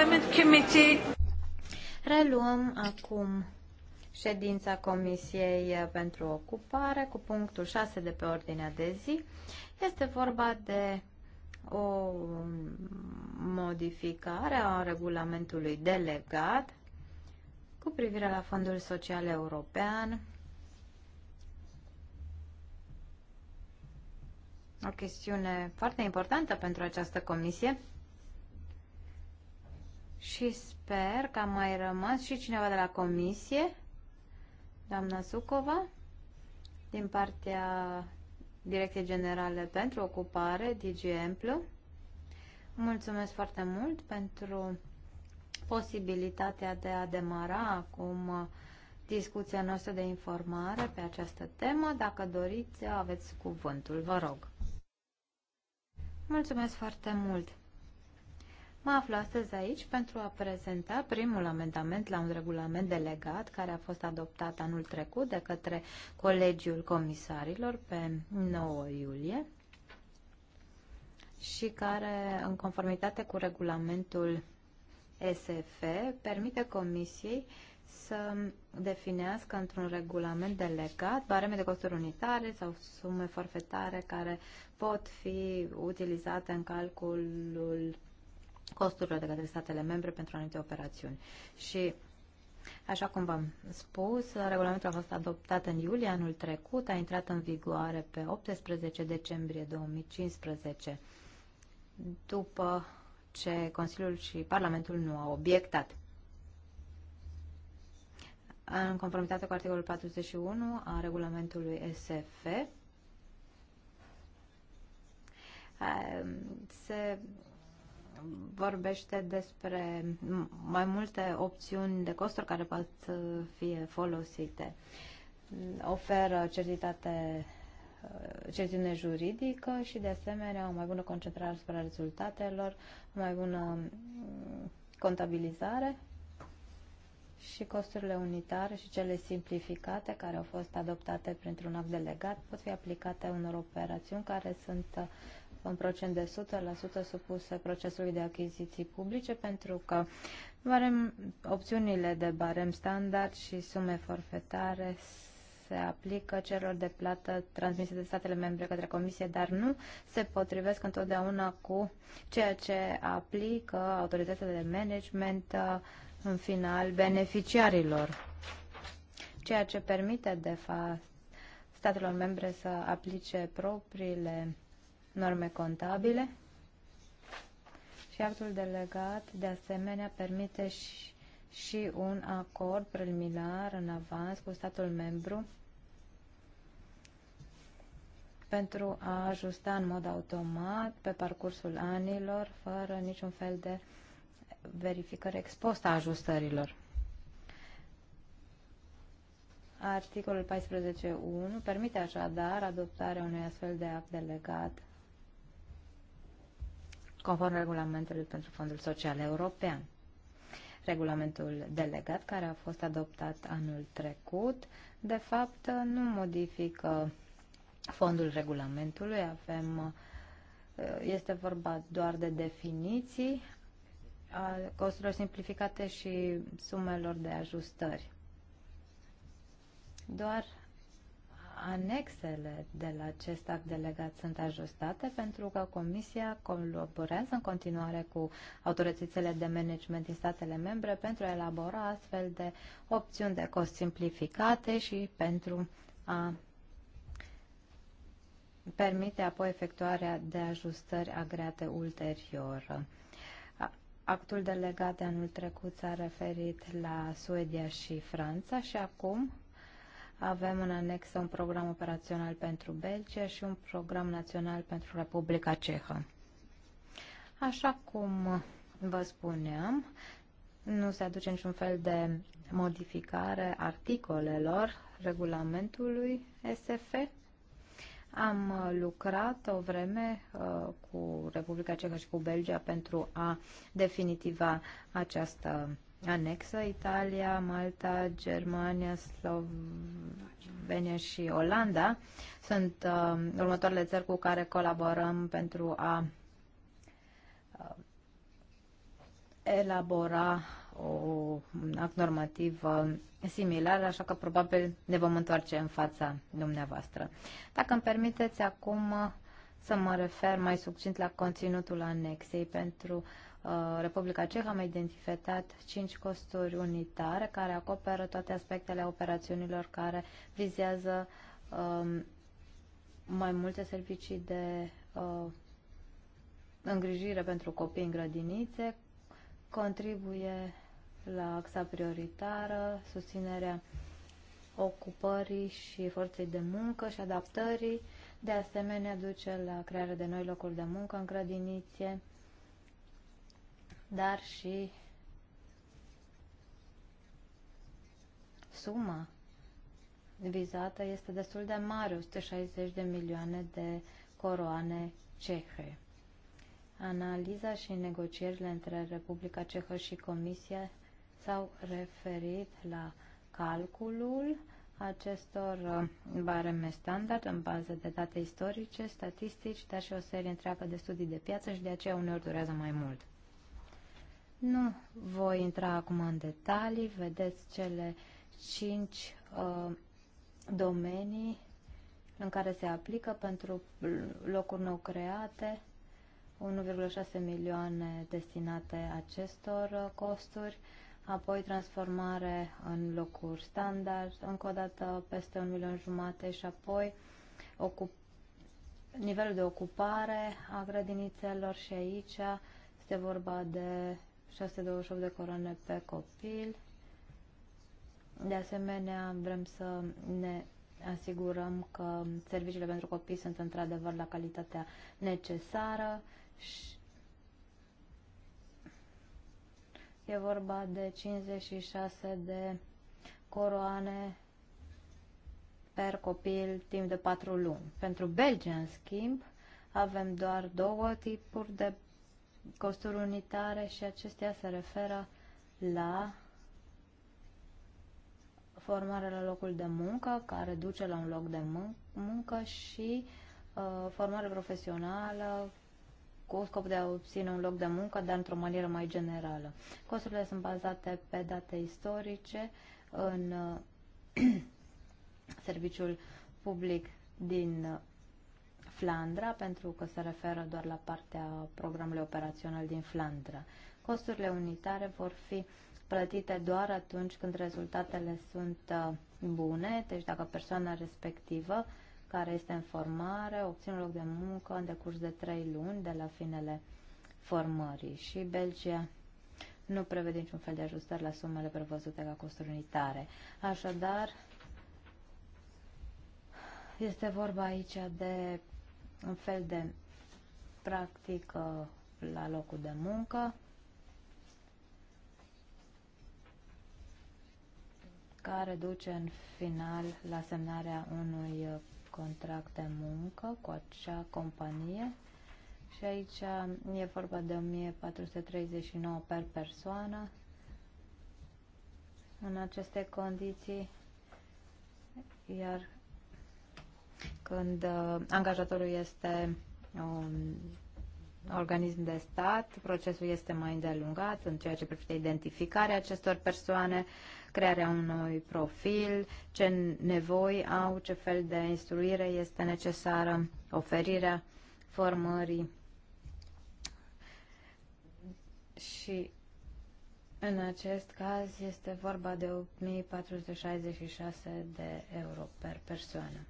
Employment Committee. Reluăm acum ședința Comisiei pentru Ocupare cu punctul 6 de pe ordinea de zi. Este vorba de o modificare a regulamentului delegat cu privire la Fondul Social European. O chestiune foarte importantă pentru această comisie și sper că a mai rămas și cineva de la comisie, doamna Sucova, din partea Direcției Generale pentru Ocupare, DG Emplu. Mulțumesc foarte mult pentru posibilitatea de a demara acum discuția noastră de informare pe această temă. Dacă doriți, aveți cuvântul, vă rog. Mulțumesc foarte mult! Mă aflu astăzi aici pentru a prezenta primul amendament la un regulament delegat care a fost adoptat anul trecut de către Colegiul Comisarilor pe 9 iulie și care, în conformitate cu regulamentul SF, permite Comisiei să definească într-un regulament delegat bareme de costuri unitare sau sume forfetare care pot fi utilizate în calculul costurile de către statele membre pentru anumite operațiuni. Și Așa cum v-am spus, regulamentul a fost adoptat în iulie anul trecut, a intrat în vigoare pe 18 decembrie 2015, după ce Consiliul și Parlamentul nu au obiectat. În conformitate cu articolul 41 a regulamentului SF, se vorbește despre mai multe opțiuni de costuri care pot fi folosite. Oferă certitate uh, certitudine juridică și de asemenea o mai bună concentrare asupra rezultatelor, o mai bună mm, contabilizare și costurile unitare și cele simplificate care au fost adoptate printr-un act delegat pot fi aplicate unor operațiuni care sunt uh, un procent de 100% supuse procesului de achiziții publice, pentru că barem, opțiunile de barem standard și sume forfetare se aplică celor de plată transmise de statele membre către Comisie, dar nu se potrivesc întotdeauna cu ceea ce aplică autoritățile de management uh, în final beneficiarilor, ceea ce permite de fapt statelor membre să aplice propriile norme contabile și actul delegat de asemenea permite și, și un acord preliminar în avans cu statul membru pentru a ajusta în mod automat pe parcursul anilor fără niciun fel de verificări expostă a ajustărilor. Articolul 14.1 permite așadar adoptarea unui astfel de act delegat conform regulamentului pentru Fondul Social European. Regulamentul delegat, care a fost adoptat anul trecut, de fapt nu modifică fondul regulamentului, avem, este vorba doar de definiții a costurilor simplificate și sumelor de ajustări. Doar anexele de la acest act delegat sunt ajustate pentru că Comisia colaborează în continuare cu autoritățile de management din statele membre pentru a elabora astfel de opțiuni de cost simplificate și pentru a permite apoi efectuarea de ajustări agreate ulterior. Actul delegat de anul trecut s-a referit la Suedia și Franța și acum avem în anexă un program operațional pentru Belgia și un program național pentru Republica Cehă. Așa cum vă spuneam, nu se aduce niciun fel de modificare articolelor regulamentului SF. Am lucrat o vreme uh, cu Republica Cehă și cu Belgia pentru a definitiva această anexă, Italia, Malta, Germania, Slovenia și Olanda sunt uh, următoarele țări cu care colaborăm pentru a uh, elabora o, un act normativ uh, similar, așa că probabil ne vom întoarce în fața dumneavoastră. Dacă îmi permiteți acum uh, să mă refer mai succint la conținutul anexei pentru uh, Uh, Republica Cehă am identificat cinci costuri unitare care acoperă toate aspectele operațiunilor care vizează um, mai multe servicii de uh, îngrijire pentru copii în grădinițe, contribuie la axa prioritară, susținerea ocupării și forței de muncă și adaptării, de asemenea duce la crearea de noi locuri de muncă în grădinițe, dar și suma vizată este destul de mare, 160 de milioane de coroane cehe. Analiza și negocierile între Republica Cehă și Comisia s-au referit la calculul acestor uh, bareme standard în bază de date istorice, statistici, dar și o serie întreagă de studii de piață și de aceea uneori durează mai mult. Nu voi intra acum în detalii, vedeți cele cinci uh, domenii în care se aplică pentru locuri nou create, 1,6 milioane destinate acestor uh, costuri, apoi transformare în locuri standard, încă o dată peste un milion jumate și apoi ocup nivelul de ocupare a grădinițelor și aici este vorba de 628 de coroane pe copil. De asemenea, vrem să ne asigurăm că serviciile pentru copii sunt într-adevăr la calitatea necesară și e vorba de 56 de coroane per copil timp de 4 luni. Pentru Belgia, în schimb, avem doar două tipuri de costuri unitare și acestea se referă la formarea la locul de muncă, care duce la un loc de muncă și uh, formare profesională cu scop de a obține un loc de muncă, dar într-o manieră mai generală. Costurile sunt bazate pe date istorice în uh, serviciul public din uh, Flandra, pentru că se referă doar la partea programului operațional din Flandra. Costurile unitare vor fi plătite doar atunci când rezultatele sunt uh, bune, deci dacă persoana respectivă care este în formare obține loc de muncă în decurs de 3 luni de la finele formării. Și Belgia nu prevede niciun fel de ajustări la sumele prevăzute ca costuri unitare. Așadar, este vorba aici de un fel de practică la locul de muncă care duce în final la semnarea unui contract de muncă cu acea companie și aici e vorba de 1439 per persoană. În aceste condiții, iar când uh, angajatorul este un um, organism de stat, procesul este mai îndelungat în ceea ce privește identificarea acestor persoane, crearea unui profil, ce nevoi au, ce fel de instruire este necesară, oferirea formării și în acest caz este vorba de 8466 de euro per persoană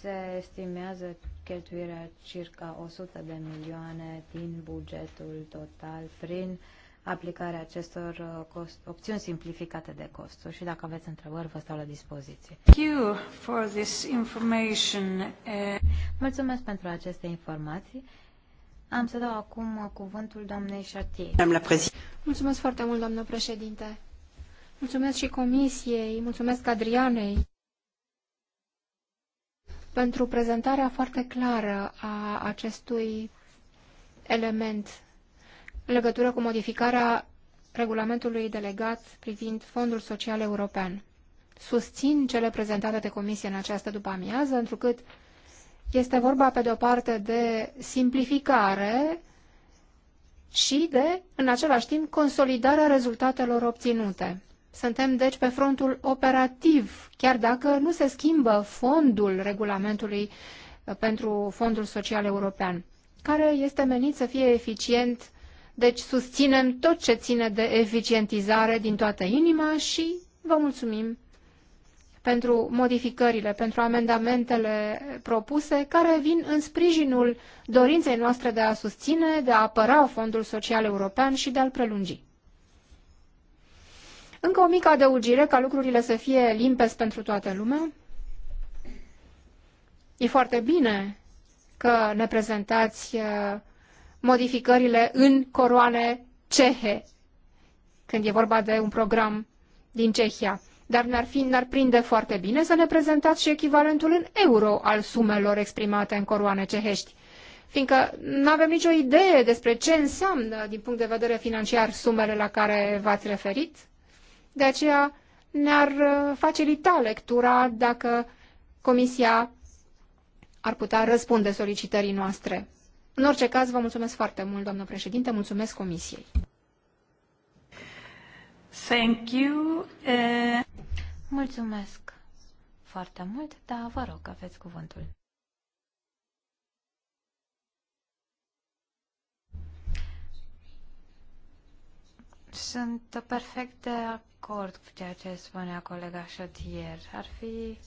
se estimează cheltuirea circa 100 de milioane din bugetul total prin aplicarea acestor uh, cost, opțiuni simplificate de costuri și dacă aveți întrebări, vă stau la dispoziție. Mulțumesc pentru aceste informații. Am să dau acum cuvântul doamnei Chartier. Mulțumesc foarte mult, doamnă președinte. Mulțumesc și comisiei, mulțumesc Adrianei pentru prezentarea foarte clară a acestui element în legătură cu modificarea regulamentului delegat privind Fondul Social European. Susțin cele prezentate de comisie în această după-amiază, întrucât este vorba, pe de o parte, de simplificare și de, în același timp, consolidarea rezultatelor obținute. Suntem, deci, pe frontul operativ, chiar dacă nu se schimbă fondul regulamentului uh, pentru Fondul Social European, care este menit să fie eficient, deci susținem tot ce ține de eficientizare din toată inima și vă mulțumim pentru modificările, pentru amendamentele propuse, care vin în sprijinul dorinței noastre de a susține, de a apăra Fondul Social European și de a-l prelungi. Încă o mică adăugire ca lucrurile să fie limpezi pentru toată lumea. E foarte bine că ne prezentați uh, modificările în coroane cehe, când e vorba de un program din Cehia. Dar n ar fi, n ar prinde foarte bine să ne prezentați și echivalentul în euro al sumelor exprimate în coroane cehești, fiindcă nu avem nicio idee despre ce înseamnă, din punct de vedere financiar, sumele la care v-ați referit de aceea ne-ar uh, facilita lectura dacă Comisia ar putea răspunde solicitării noastre. În orice caz, vă mulțumesc foarte mult, doamnă președinte, mulțumesc Comisiei. Thank you. Uh... Mulțumesc foarte mult, dar vă rog, aveți cuvântul. Sunt perfect de acord acord cu ceea ce spunea colega Șotier. Ar fi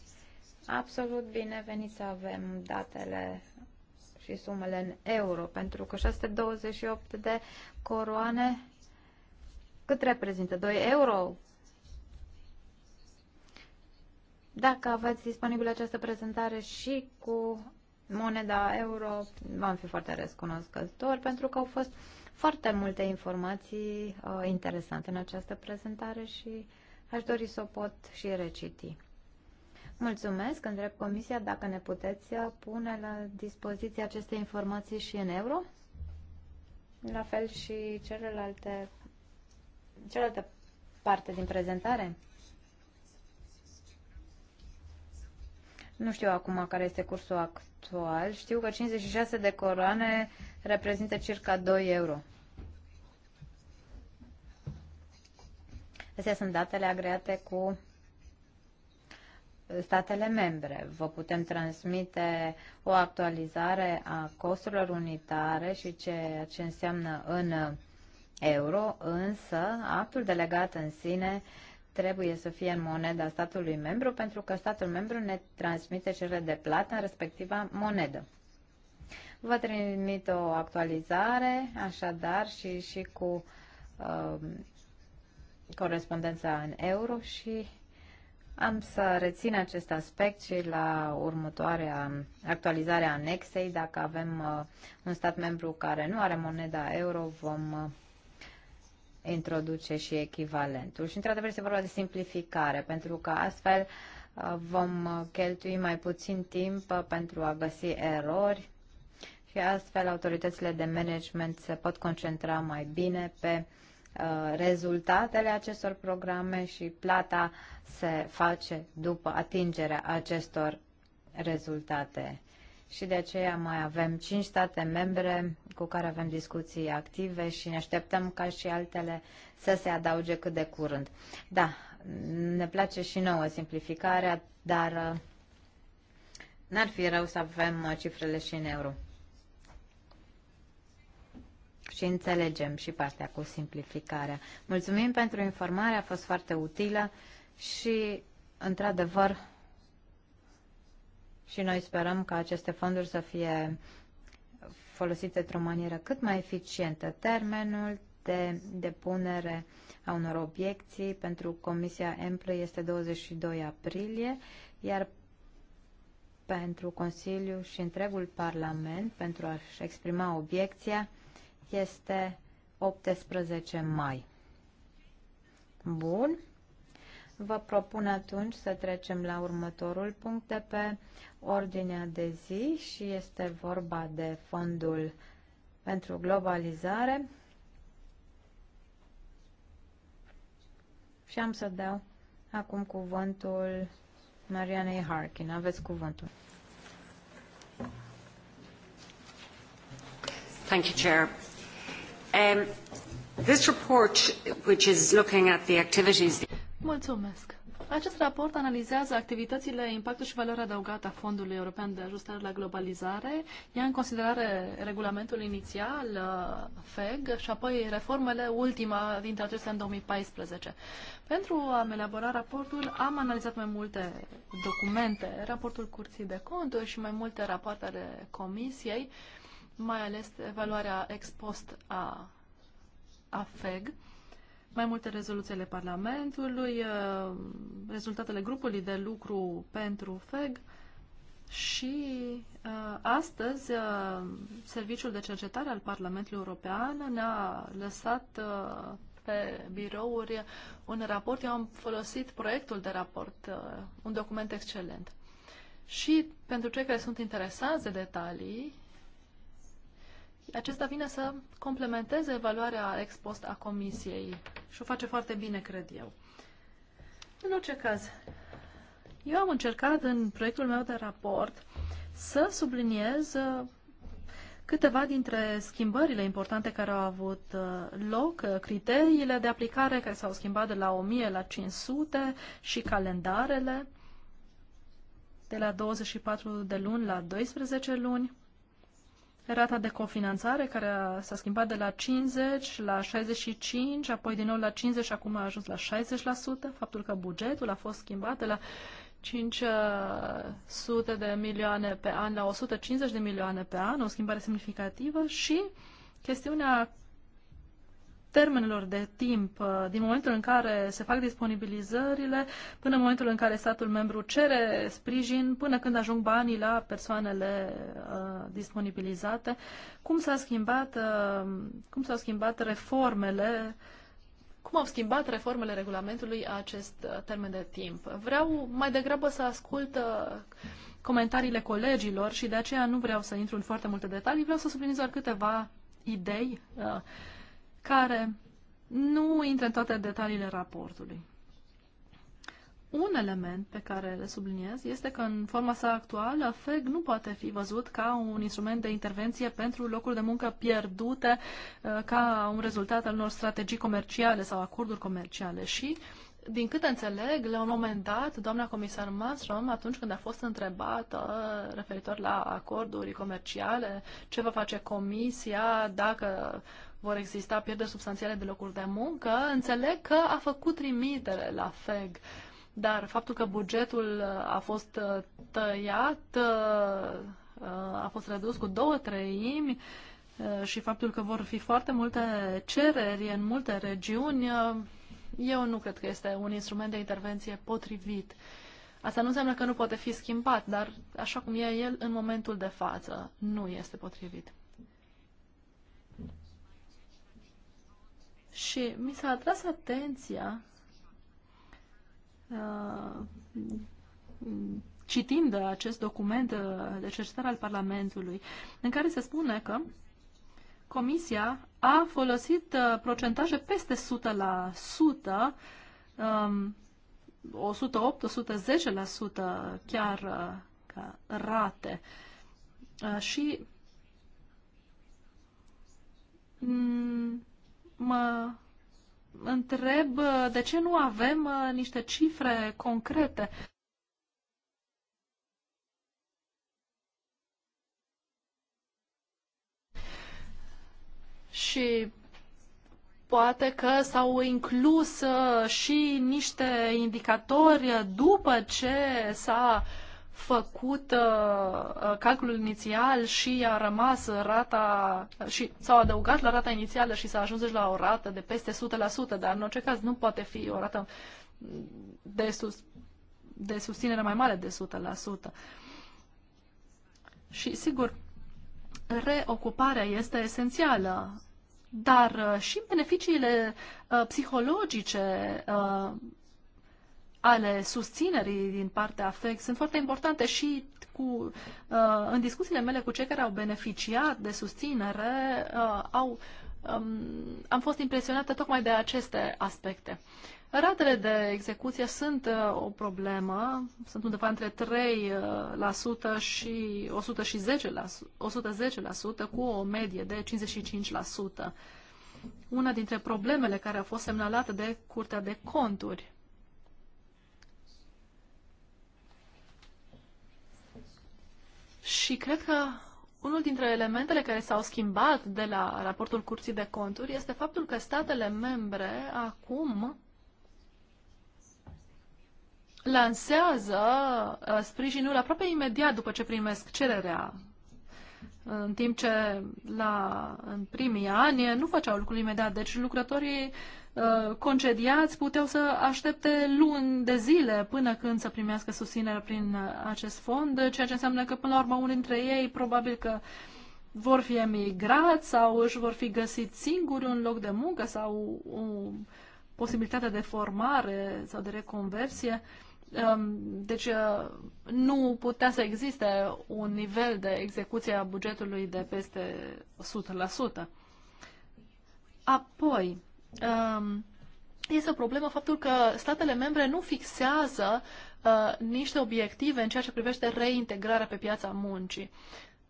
absolut binevenit să avem datele și sumele în euro, pentru că 628 de coroane cât reprezintă? 2 euro? Dacă aveți disponibilă această prezentare și cu moneda euro, vom fi foarte recunoscători pentru că au fost uh, foarte multe informații uh, interesante în această prezentare și aș dori să o pot și reciti. Mulțumesc, întreb Comisia dacă ne puteți uh, pune la dispoziție aceste informații și în euro, la fel și celelalte, celelalte parte din prezentare. Nu știu acum care este cursul actual. Știu că 56 de coroane reprezintă circa 2 euro. Astea sunt datele agreate cu statele membre. Vă putem transmite o actualizare a costurilor unitare și ceea ce înseamnă în euro, însă actul delegat în sine uh, trebuie să fie în moneda statului membru pentru că statul membru ne transmite cele de plată în respectiva monedă. Vă trimit o actualizare, așadar, și, și cu uh, corespondența în euro și am să rețin acest aspect și la următoarea actualizare a anexei. Dacă avem uh, un stat membru care nu are moneda euro, vom uh, introduce și echivalentul. Și într-adevăr este vorba de simplificare, pentru că astfel uh, vom cheltui mai puțin timp uh, pentru a găsi erori și astfel autoritățile de management se pot concentra mai bine pe uh, rezultatele acestor programe și plata se face după atingerea acestor rezultate și de aceea mai avem 5 state membre cu care avem discuții active și ne așteptăm ca și altele să se adauge cât de curând. Da, ne place și nouă simplificarea, dar uh, n-ar fi rău să avem uh, cifrele și în euro. Și înțelegem și partea cu simplificarea. Mulțumim pentru informare, a fost foarte utilă și, într-adevăr, și noi sperăm ca aceste fonduri să fie folosite într-o manieră cât mai eficientă. Termenul de depunere a unor obiecții pentru Comisia Emplă este 22 aprilie, iar pentru Consiliu și întregul Parlament pentru a-și exprima obiecția este 18 mai. Bun. Vă propun atunci să trecem la următorul punct de pe ordinea de zi și este vorba de fondul pentru globalizare. Și am să dau acum cuvântul Marianei Harkin. Aveți cuvântul. Thank you, Chair. Um, this report, which is looking at the activities... Mulțumesc. Acest raport analizează activitățile, impactul și valoarea adăugată a Fondului European de Ajustare la Globalizare, ia în considerare regulamentul inițial uh, FEG și apoi reformele ultima dintre acestea în 2014. Pentru a elabora raportul am analizat mai multe documente, raportul Curții de Conturi și mai multe rapoarte ale Comisiei, mai ales evaluarea ex post a, a FEG mai multe ale Parlamentului, uh, rezultatele grupului de lucru pentru FEG și uh, astăzi uh, Serviciul de Cercetare al Parlamentului European ne-a lăsat pe birouri un raport. Eu am folosit proiectul de raport, un document excelent. Și pentru cei care sunt interesați de detalii, acesta vine să complementeze evaluarea ex post a comisiei și o face foarte bine, cred eu. În orice caz, eu am încercat în proiectul meu de raport să subliniez uh, câteva dintre schimbările importante care au avut uh, loc, uh, criteriile de aplicare care s-au schimbat de la 1000 la 500 și calendarele de la 24 de luni la 12 luni rata de cofinanțare care s-a schimbat de la 50 la 65, apoi din nou la 50 și acum a ajuns la 60%, faptul că bugetul a fost schimbat de la 500 de milioane pe an la 150 de milioane pe an, o schimbare semnificativă și chestiunea termenelor de timp, uh, din momentul în care se fac disponibilizările, până în momentul în care statul membru cere sprijin, până când ajung banii la persoanele uh, disponibilizate, cum, s au schimbat, uh, cum s-au schimbat reformele cum au schimbat reformele regulamentului acest uh, termen de timp. Vreau mai degrabă să ascult uh, comentariile colegilor și de aceea nu vreau să intru în foarte multe detalii, vreau să subliniez doar câteva idei uh, care nu intră în toate detaliile raportului. Un element pe care le subliniez este că în forma sa actuală FEG nu poate fi văzut ca un instrument de intervenție pentru locuri de muncă pierdute uh, ca un rezultat al unor strategii comerciale sau acorduri comerciale și din câte înțeleg, la un moment dat, doamna comisar Malmström, atunci când a fost întrebată referitor la acorduri comerciale, ce va face comisia dacă vor exista pierderi substanțiale de locuri de muncă, înțeleg că a făcut trimitere la FEG. Dar faptul că bugetul uh, a fost uh, tăiat, uh, a fost redus cu două treimi și faptul că vor fi foarte multe cereri în multe regiuni, eu nu cred că este un instrument de intervenție potrivit. Asta nu înseamnă că nu poate fi schimbat, dar așa cum e el în momentul de față, nu este potrivit. Și mi s-a atras atenția uh, citind acest document uh, de cercetare al Parlamentului, în care se spune că Comisia a folosit uh, procentaje peste 100%, la 100 108-110% um, chiar ca rate. Și mm, mă întreb uh, de ce nu avem uh, niște cifre concrete. Și poate că s-au inclus uh, și niște indicatori după ce s-a uh, făcut uh, uh, calculul inițial și a rămas rata uh, și s-au adăugat la rata inițială și s-a ajuns la o rată de peste 100%, dar în orice caz nu poate fi o rată de, sus, de susținere mai mare de 100%. Și sigur, reocuparea este esențială, dar uh, și beneficiile uh, psihologice uh, ale susținerii din partea FEC sunt foarte importante și cu, uh, în discuțiile mele cu cei care au beneficiat de susținere uh, au, um, am fost impresionată tocmai de aceste aspecte. Ratele de execuție sunt uh, o problemă, sunt undeva între 3% și 110%, 110% cu o medie de 55%. Una dintre problemele care a fost semnalată de Curtea de Conturi Și cred că unul dintre elementele care s-au schimbat de la raportul Curții de Conturi este faptul că statele membre acum lansează uh, sprijinul aproape imediat după ce primesc cererea în timp ce la, în primii ani nu făceau lucrul imediat. Deci lucrătorii uh, concediați puteau să aștepte luni de zile până când să primească susținere prin acest fond, ceea ce înseamnă că până la urmă unii dintre ei probabil că vor fi emigrați sau își vor fi găsit singuri un loc de muncă sau o posibilitate de formare sau de reconversie. Uh, Um, deci uh, nu putea să existe un nivel de execuție a bugetului de peste 100%. Apoi, um, este o problemă faptul că statele membre nu fixează uh, niște obiective în ceea ce privește reintegrarea pe piața muncii.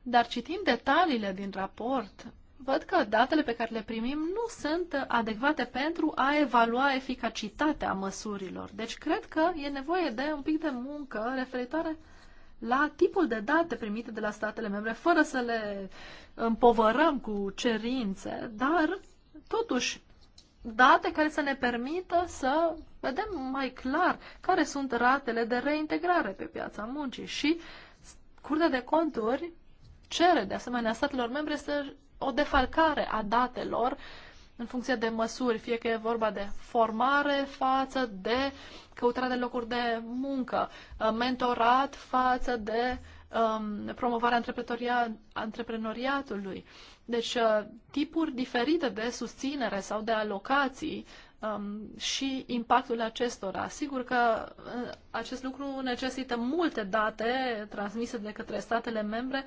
Dar citind detaliile din raport, văd că datele pe care le primim nu sunt adecvate pentru a evalua eficacitatea măsurilor. Deci cred că e nevoie de un pic de muncă referitoare la tipul de date primite de la statele membre, fără să le împovărăm cu cerințe, dar totuși date care să ne permită să vedem mai clar care sunt ratele de reintegrare pe piața muncii și Curtea de Conturi cere de asemenea statelor membre să o defalcare a datelor în funcție de măsuri, fie că e vorba de formare față de căutarea de locuri de muncă, uh, mentorat față de um, promovarea antreprenoriatului. Deci, uh, tipuri diferite de susținere sau de alocații um, și impactul acestora. Sigur că uh, acest lucru necesită multe date transmise de către statele membre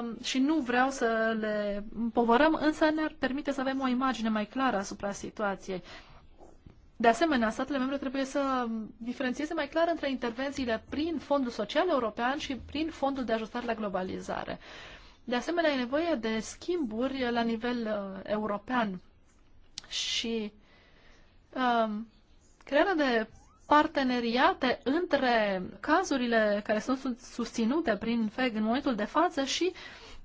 um, și nu vreau să le povărăm, însă ne-ar permite să avem o imagine mai clară asupra situației. De asemenea, statele membre trebuie să diferențieze mai clar între intervențiile prin Fondul Social European și prin Fondul de Ajustare la Globalizare. De asemenea, e nevoie de schimburi la nivel uh, european și um, crearea de parteneriate între cazurile care sunt susținute prin FEG în momentul de față și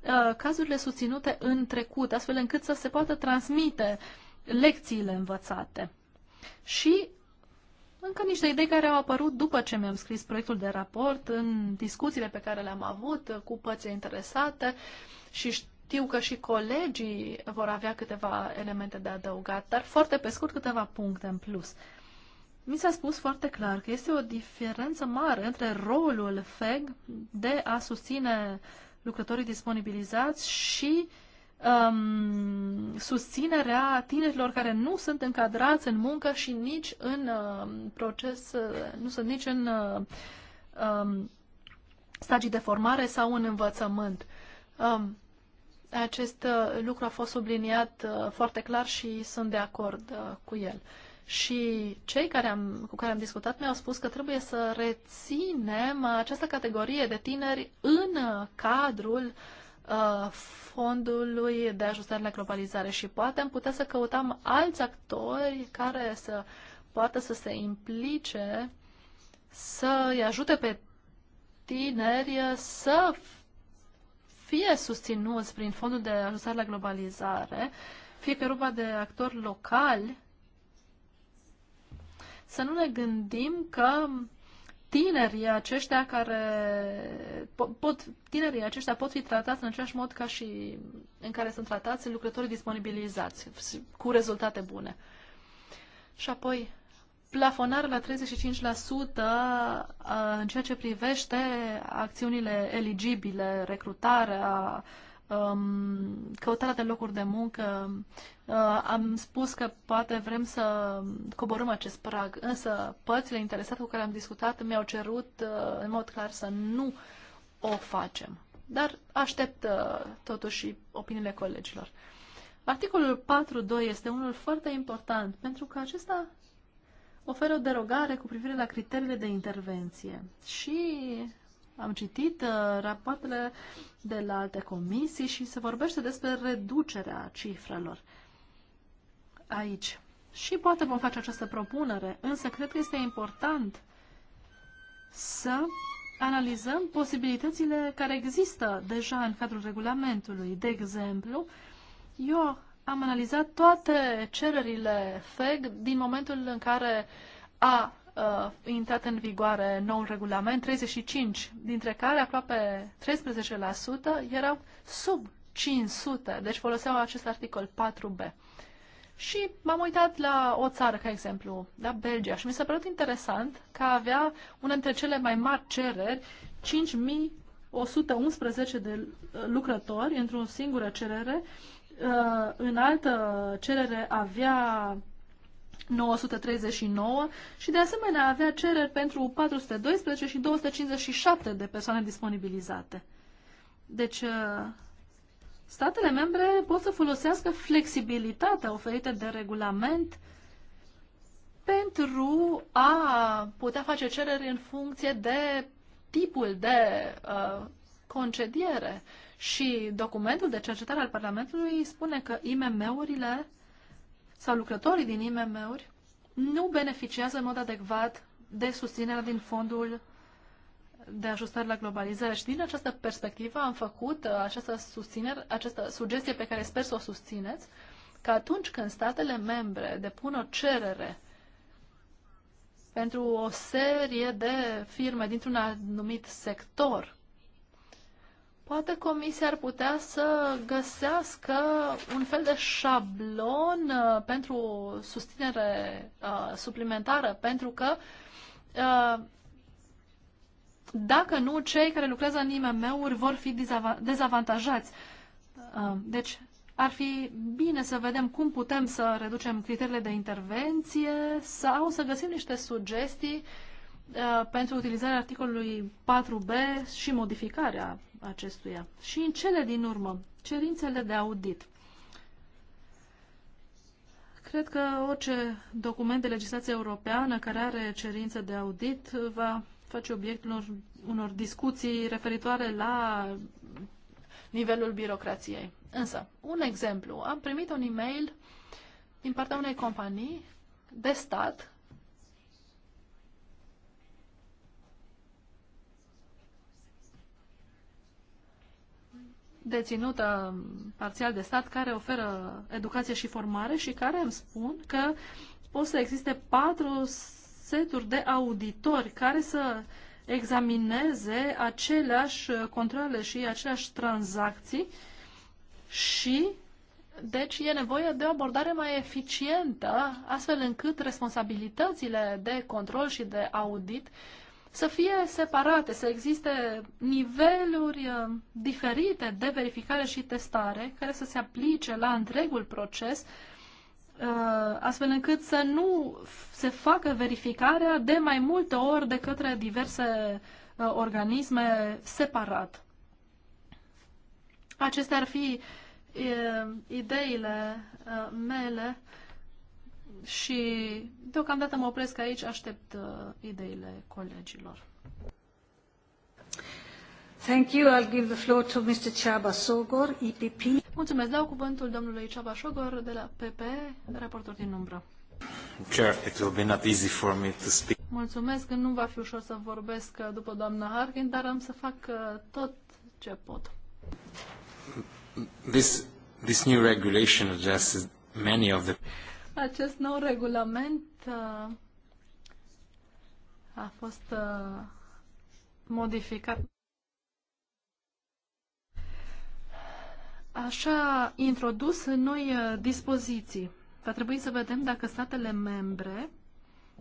uh, cazurile susținute în trecut, astfel încât să se poată transmite lecțiile învățate. Și încă niște idei care au apărut după ce mi-am scris proiectul de raport, în discuțiile pe care le-am avut cu părțile interesate și știu că și colegii vor avea câteva elemente de adăugat, dar foarte pe scurt câteva puncte în plus. Mi s-a spus foarte clar că este o diferență mare între rolul FEG de a susține lucrătorii disponibilizați și um, susținerea tinerilor care nu sunt încadrați în muncă și nici în uh, proces, nu sunt nici în uh, um, stagii de formare sau în învățământ. Um, acest uh, lucru a fost subliniat uh, foarte clar și sunt de acord uh, cu el. Și cei care am, cu care am discutat mi-au spus că trebuie să reținem această categorie de tineri în cadrul fondului de ajustare la globalizare și poate am putea să căutăm alți actori care să poată să se implice, să-i ajute pe tineri să fie susținuți prin fondul de ajustare la globalizare, fie pe e de actori locali, să nu ne gândim că tinerii aceștia care pot, tinerii aceștia pot fi tratați în același mod ca și în care sunt tratați lucrătorii disponibilizați, cu rezultate bune. Și apoi, plafonare la 35% uh, în ceea ce privește acțiunile eligibile, recrutarea, um, căutarea de locuri de muncă. Uh, am spus că poate vrem să coborâm acest prag, însă părțile interesate cu care am discutat mi-au cerut uh, în mod clar să nu o facem. Dar aștept totuși opiniile colegilor. Articolul 4.2 este unul foarte important pentru că acesta oferă o derogare cu privire la criteriile de intervenție. Și am citit uh, rapoartele de la alte comisii și se vorbește despre reducerea cifrelor aici. Și poate vom face această propunere, însă cred că este important să analizăm posibilitățile care există deja în cadrul regulamentului. De exemplu, eu am analizat toate cererile FEG din momentul în care a uh, intrat în vigoare noul regulament, 35, dintre care aproape 13% erau sub 500, deci foloseau acest articol 4B. Și m-am uitat la o țară, ca exemplu, la Belgia, și mi s-a părut interesant că avea una dintre cele mai mari cereri, 5111 de lucrători într-o singură cerere, uh, Uh, în altă cerere avea 939 și de asemenea avea cereri pentru 412 și 257 de persoane disponibilizate. Deci, uh, statele membre pot să folosească flexibilitatea oferită de regulament pentru a putea face cereri în funcție de tipul de uh, concediere. Uh, și documentul de cercetare al Parlamentului spune că IMM-urile sau lucrătorii din IMM-uri nu beneficiază în mod adecvat de susținerea din fondul de ajustare la globalizare. Și din această perspectivă am făcut uh, această, susținere, această sugestie pe care sper să o susțineți, că atunci când statele membre depun o cerere pentru o serie de firme dintr-un anumit sector, Poate Comisia ar putea să găsească un fel de șablon uh, pentru susținere uh, suplimentară, pentru că uh, dacă nu, cei care lucrează în IMM-uri vor fi dezavantajați. Uh, deci ar fi bine să vedem cum putem să reducem criteriile de intervenție sau să găsim niște sugestii pentru utilizarea articolului 4b și modificarea acestuia. Și în cele din urmă, cerințele de audit. Cred că orice document de legislație europeană care are cerință de audit va face obiectul unor, unor discuții referitoare la nivelul birocrației. Însă, un exemplu. Am primit un e-mail din partea unei companii de stat deținută parțial de stat care oferă educație și formare și care îmi spun că pot să existe patru seturi de auditori care să examineze aceleași controle și aceleași tranzacții și deci e nevoie de o abordare mai eficientă, astfel încât responsabilitățile de control și de audit să fie separate, să existe niveluri uh, diferite de verificare și testare care să se aplice la întregul proces, uh, astfel încât să nu se facă verificarea de mai multe ori de către diverse uh, organisme separat. Acestea ar fi ideile mele și deocamdată mă opresc aici, aștept uh, ideile colegilor. Thank you. I'll give the floor to Mr. Chaba Sogor, EPP. Mulțumesc. Dau cuvântul domnului Chaba Sogor de la PP, raportor din umbră. Chair, it will be not easy for me to speak. Mulțumesc, nu va fi ușor să vorbesc uh, după doamna Harkin, dar am să fac uh, tot ce pot. This, this new regulation addresses many of the... Acest nou regulament uh, a fost uh, modificat. Așa introdus noi uh, dispoziții. Va trebui să vedem dacă statele membre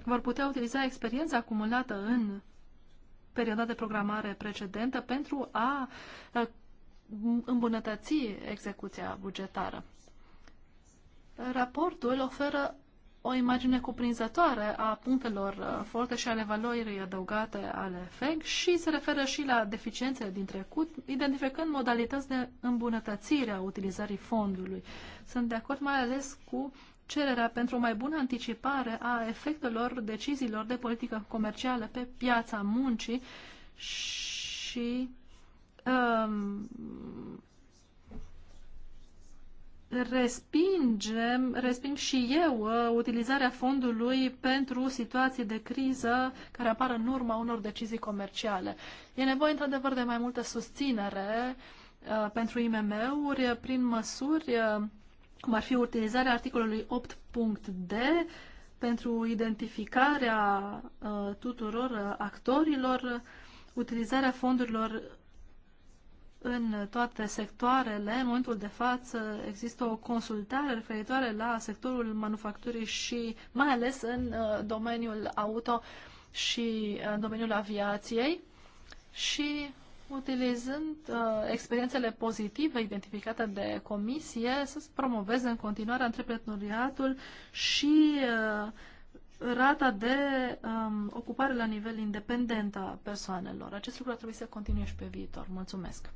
vor putea utiliza experiența acumulată în perioada de programare precedentă pentru a îmbunătăți execuția bugetară. Raportul oferă o imagine cuprinzătoare a punctelor uh, forte și ale valorii adăugate ale FEG și se referă și la deficiențele din trecut, identificând modalități de îmbunătățire a utilizării fondului. Sunt de acord mai ales cu cererea pentru o mai bună anticipare a efectelor deciziilor de politică comercială pe piața muncii și um, respingem, resping și eu uh, utilizarea fondului pentru situații de criză care apar în urma unor decizii comerciale. E nevoie, într-adevăr, de mai multă susținere uh, pentru IMM-uri uh, prin măsuri, cum ar fi utilizarea articolului 8.d pentru identificarea tuturor actorilor, utilizarea fondurilor în toate sectoarele. În momentul de față există o consultare referitoare la sectorul manufacturii și mai ales în uh, domeniul auto și în uh, domeniul aviației și utilizând uh, experiențele pozitive identificate de comisie să promoveze în continuare antreprenoriatul și uh, rata de um, ocupare la nivel independent a persoanelor. Acest lucru ar trebui să continue și pe viitor. Mulțumesc.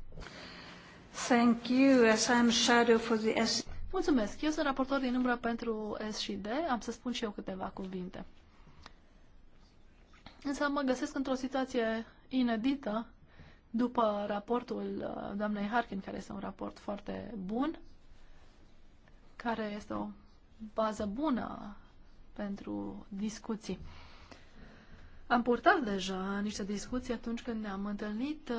Thank you, as I'm shadow for the S Mulțumesc. Eu sunt raportor din umbra pentru S și D. Am să spun și eu câteva cuvinte. Însă mă găsesc într-o situație inedită după raportul uh, doamnei Harkin, care este un raport foarte bun, care este o bază bună pentru discuții. Am purtat deja niște discuții atunci când ne-am întâlnit uh,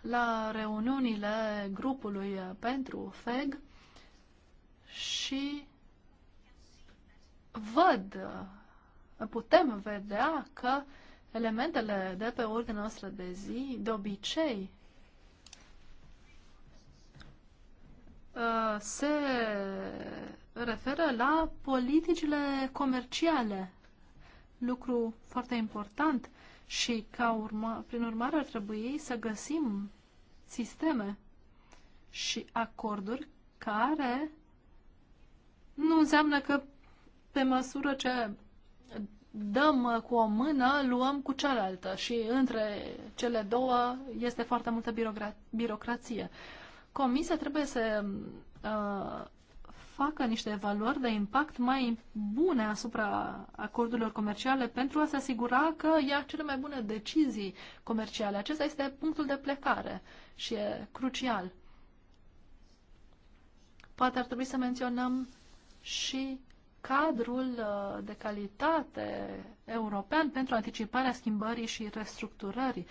la reuniunile grupului pentru FEG și văd, uh, putem vedea că elementele de pe ordinea noastră de zi, de obicei, uh, se referă la politicile comerciale, lucru foarte important și ca urma, prin urmare ar trebui să găsim sisteme și acorduri care nu înseamnă că pe măsură ce dăm cu o mână, luăm cu cealaltă și între cele două este foarte multă birocra- birocrație. Comisia trebuie să uh, facă niște evaluări de impact mai bune asupra acordurilor comerciale pentru a se asigura că ia cele mai bune decizii comerciale. Acesta este punctul de plecare și e crucial. Poate ar trebui să menționăm și cadrul uh, de calitate european pentru anticiparea schimbării și restructurării.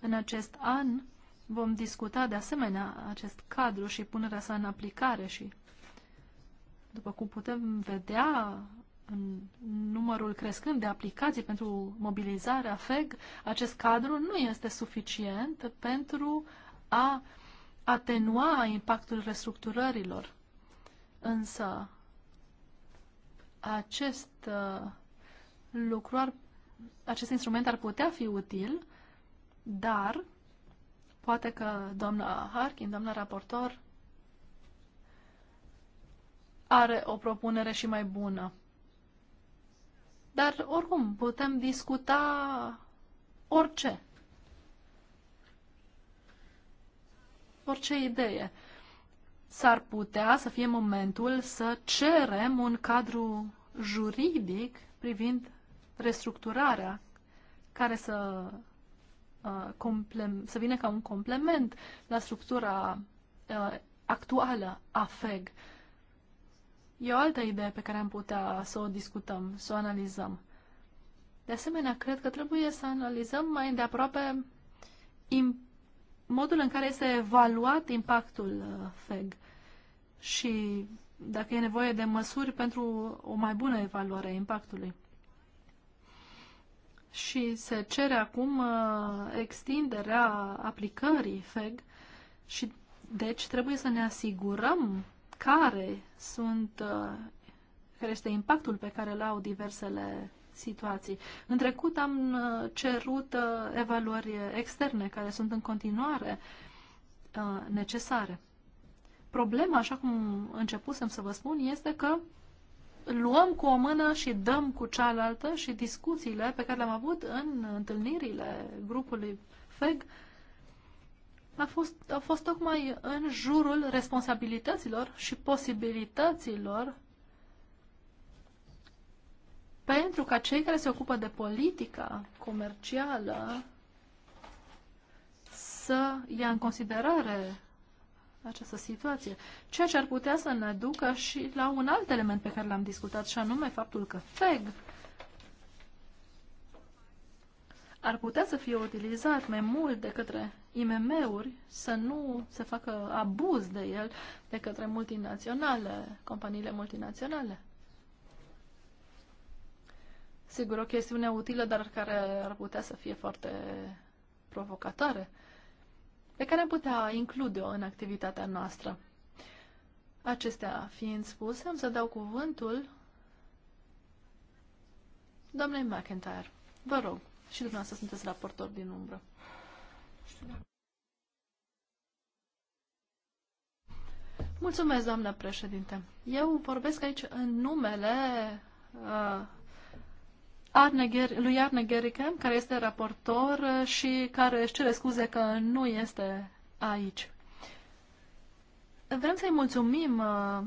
În acest an vom discuta de asemenea acest cadru și punerea sa în aplicare și după cum putem vedea, în numărul crescând de aplicații pentru mobilizarea FEG, acest cadru nu este suficient pentru a atenua impactul restructurărilor. Însă, acest uh, lucru, ar, acest instrument ar putea fi util, dar poate că doamna Harkin, doamna raportor, are o propunere și mai bună. Dar, oricum, putem discuta orice. Orice idee. S-ar putea să fie momentul să cerem un cadru juridic privind restructurarea care să, uh, să vină ca un complement la structura uh, actuală a FEG. Uh, E o altă idee pe care am putea să o discutăm, să o analizăm. De asemenea, cred că trebuie să analizăm mai îndeaproape modul în care este evaluat impactul uh, FEG și dacă e nevoie de măsuri pentru o mai bună evaluare a impactului. Și se cere acum uh, extinderea aplicării FEG și deci trebuie să ne asigurăm care sunt, uh, care este impactul pe care îl au diversele situații. În trecut am uh, cerut uh, evaluări externe care sunt în continuare necesare. Problema, așa cum începusem să vă spun, este că luăm cu o mână și dăm cu cealaltă și discuțiile pe care le-am avut în întâlnirile grupului FEG a fost, a fost tocmai în jurul responsabilităților și posibilităților pentru ca cei care se ocupă de politica comercială să ia în considerare această situație. Ceea ce ar putea să ne ducă și la un alt element pe care l-am discutat, și anume faptul că FEG ar putea să fie utilizat mai mult de către IMM-uri, să nu se facă abuz de el de către multinaționale, companiile multinaționale. Sigur, o chestiune utilă, dar care ar putea să fie foarte provocatoare, pe care am putea include-o în activitatea noastră. Acestea fiind spuse, am să dau cuvântul doamnei McIntyre. Vă rog. Și dumneavoastră sunteți raportor din umbră. Mulțumesc, doamnă președinte. Eu vorbesc aici în numele uh, Arne lui Arne Gherichem, care este raportor și care își cere scuze că nu este aici. Vrem să-i mulțumim uh,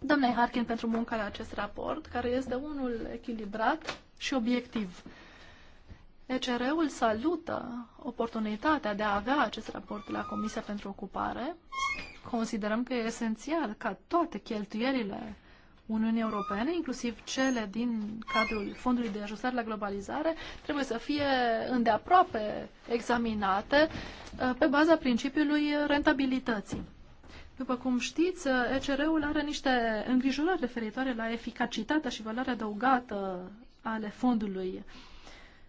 doamnei Harkin pentru munca la acest raport, care este unul echilibrat și obiectiv. Uh, ECR-ul salută oportunitatea de a avea acest raport la Comisia pentru Ocupare. Considerăm că e esențial ca toate cheltuielile Uniunii Europene, inclusiv cele din cadrul Fondului de Ajustare la Globalizare, trebuie să fie îndeaproape examinate uh, pe baza principiului rentabilității. După cum știți, uh, ECR-ul are niște îngrijorări referitoare la eficacitatea și valoarea adăugată ale fondului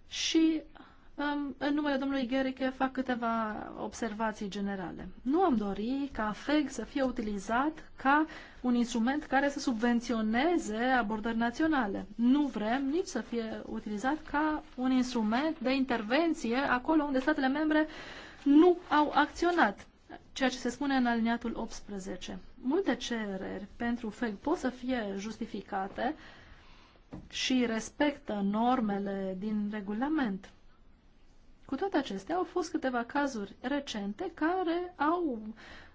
și um, în numele domnului Gherică fac câteva observații generale. Nu am dori ca FEG să fie utilizat ca un instrument care să subvenționeze abordări naționale. Nu vrem nici să fie utilizat ca un instrument de intervenție acolo unde statele membre nu au acționat, ceea ce se spune în aliniatul 18. Multe cereri pentru FEG pot să fie justificate și respectă normele din regulament. Cu toate acestea, au fost câteva cazuri recente care au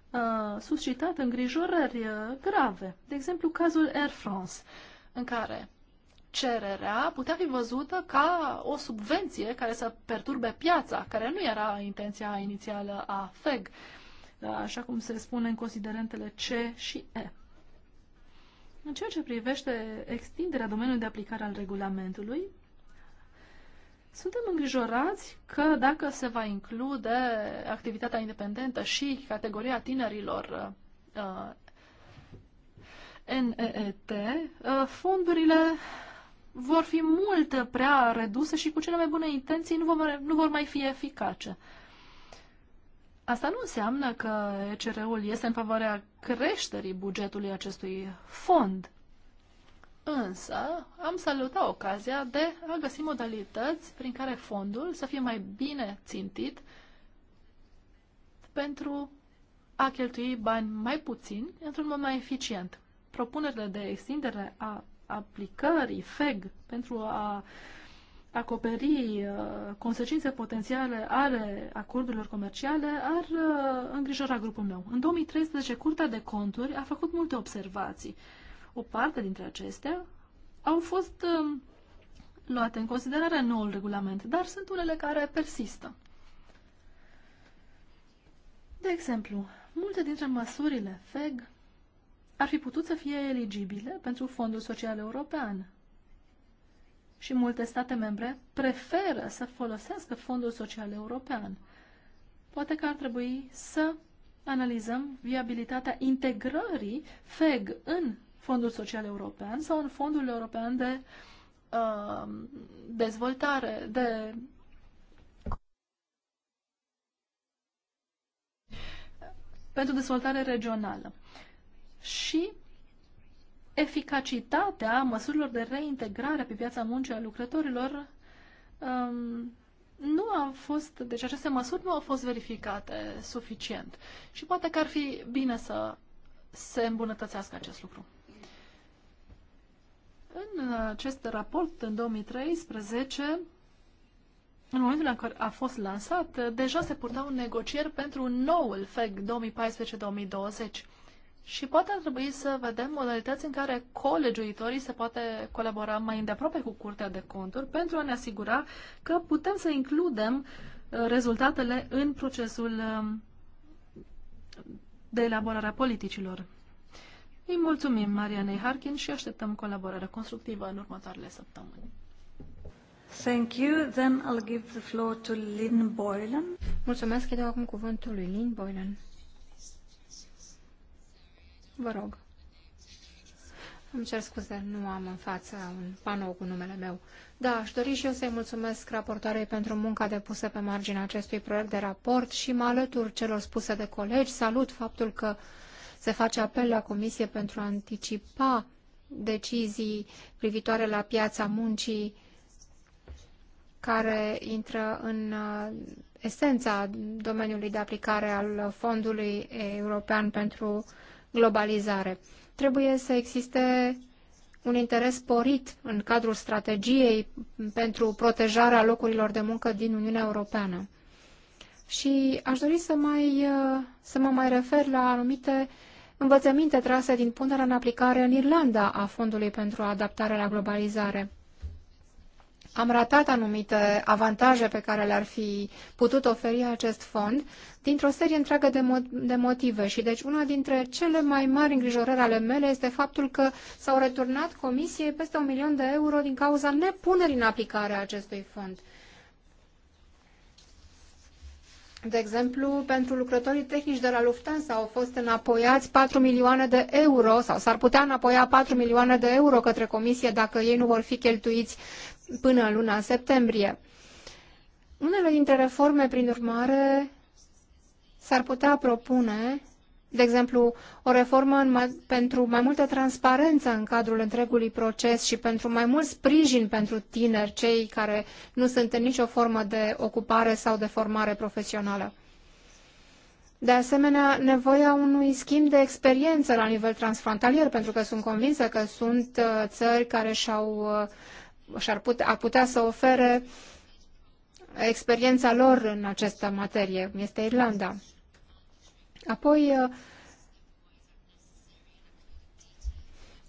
uh, suscitat îngrijorări uh, grave. De exemplu, cazul Air France, în care cererea putea fi văzută ca o subvenție care să perturbe piața, care nu era intenția inițială a FEG, uh, așa cum se spune în considerentele C și E. În ceea ce privește extinderea domeniului de aplicare al regulamentului, suntem îngrijorați că dacă se va include activitatea independentă și categoria tinerilor uh, uh NEET, uh, fondurile vor fi mult prea reduse și cu cele mai bune intenții nu vor, nu vor mai fi eficace. Asta nu înseamnă că ECR-ul este în favoarea creșterii bugetului acestui fond. Însă, am salutat ocazia de a găsi modalități prin care fondul să fie mai bine țintit pentru a cheltui bani mai puțin într-un mod mai eficient. Propunerile de extindere a aplicării FEG pentru a uh, acoperi uh, consecințe potențiale ale acordurilor comerciale ar uh, îngrijora grupul meu. În 2013, Curtea de Conturi a făcut multe observații. O parte dintre acestea au fost um, luate în considerare în noul regulament, dar sunt unele care persistă. De exemplu, multe dintre măsurile FEG ar fi putut să fie eligibile pentru Fondul Social European, și multe state membre preferă să folosească Fondul Social European. Poate că ar trebui să analizăm viabilitatea integrării FEG în Fondul Social European sau în Fondul European de uh, dezvoltare, de pentru dezvoltare regională. Și eficacitatea măsurilor de reintegrare pe piața muncii a lucrătorilor um, nu a fost, deci aceste măsuri nu au fost verificate suficient. Și poate că ar fi bine să se îmbunătățească acest lucru. În acest raport, în 2013, în momentul în care a fost lansat, deja se purtau negocieri pentru noul FEG 2014-2020 și poate ar trebui să vedem modalități în care colegiuitorii se poate colabora mai îndeaproape cu Curtea de Conturi pentru a ne asigura că putem să includem uh, rezultatele în procesul um, de elaborare a politicilor. Îi mulțumim Marianei Harkin și așteptăm colaborarea constructivă în următoarele săptămâni. Thank you. Then I'll give the floor to Lynn Boylan. Mulțumesc, îi dau acum cuvântul lui Lynn Boylan. Vă rog. Îmi cer scuze, nu am în față un panou cu numele meu. Da, aș dori și eu să-i mulțumesc raportoarei pentru munca depusă pe marginea acestui proiect de raport și mă alătur celor spuse de colegi. Salut faptul că se face apel la Comisie pentru a anticipa decizii privitoare la piața muncii care intră în uh, esența domeniului de aplicare al Fondului European pentru globalizare. Trebuie să existe un interes sporit în cadrul strategiei pentru protejarea locurilor de muncă din Uniunea Europeană. Și aș dori să, mai, uh, să mă mai refer la anumite învățăminte trase din punerea în aplicare în Irlanda a Fondului pentru Adaptare la Globalizare am ratat anumite avantaje pe care le-ar fi putut oferi acest fond dintr-o serie întreagă de, mo- de motive. Și deci una dintre cele mai mari îngrijorări ale mele este faptul că s-au returnat comisiei peste un milion de euro din cauza nepunerii în aplicare a acestui fond. De exemplu, pentru lucrătorii tehnici de la Lufthansa au fost înapoiați 4 milioane de euro sau s-ar putea înapoia 4 milioane de euro către comisie dacă ei nu vor fi cheltuiți până în luna septembrie. Unele dintre reforme, prin urmare, s-ar putea propune, de exemplu, o reformă în, pentru mai multă transparență în cadrul întregului proces și pentru mai mult sprijin pentru tineri, cei care nu sunt în nicio formă de ocupare sau de formare profesională. De asemenea, nevoia unui schimb de experiență la nivel transfrontalier, pentru că sunt convinsă că sunt uh, țări care și-au uh, și-ar putea, ar putea să ofere experiența lor în această materie, cum este Irlanda. Apoi, uh,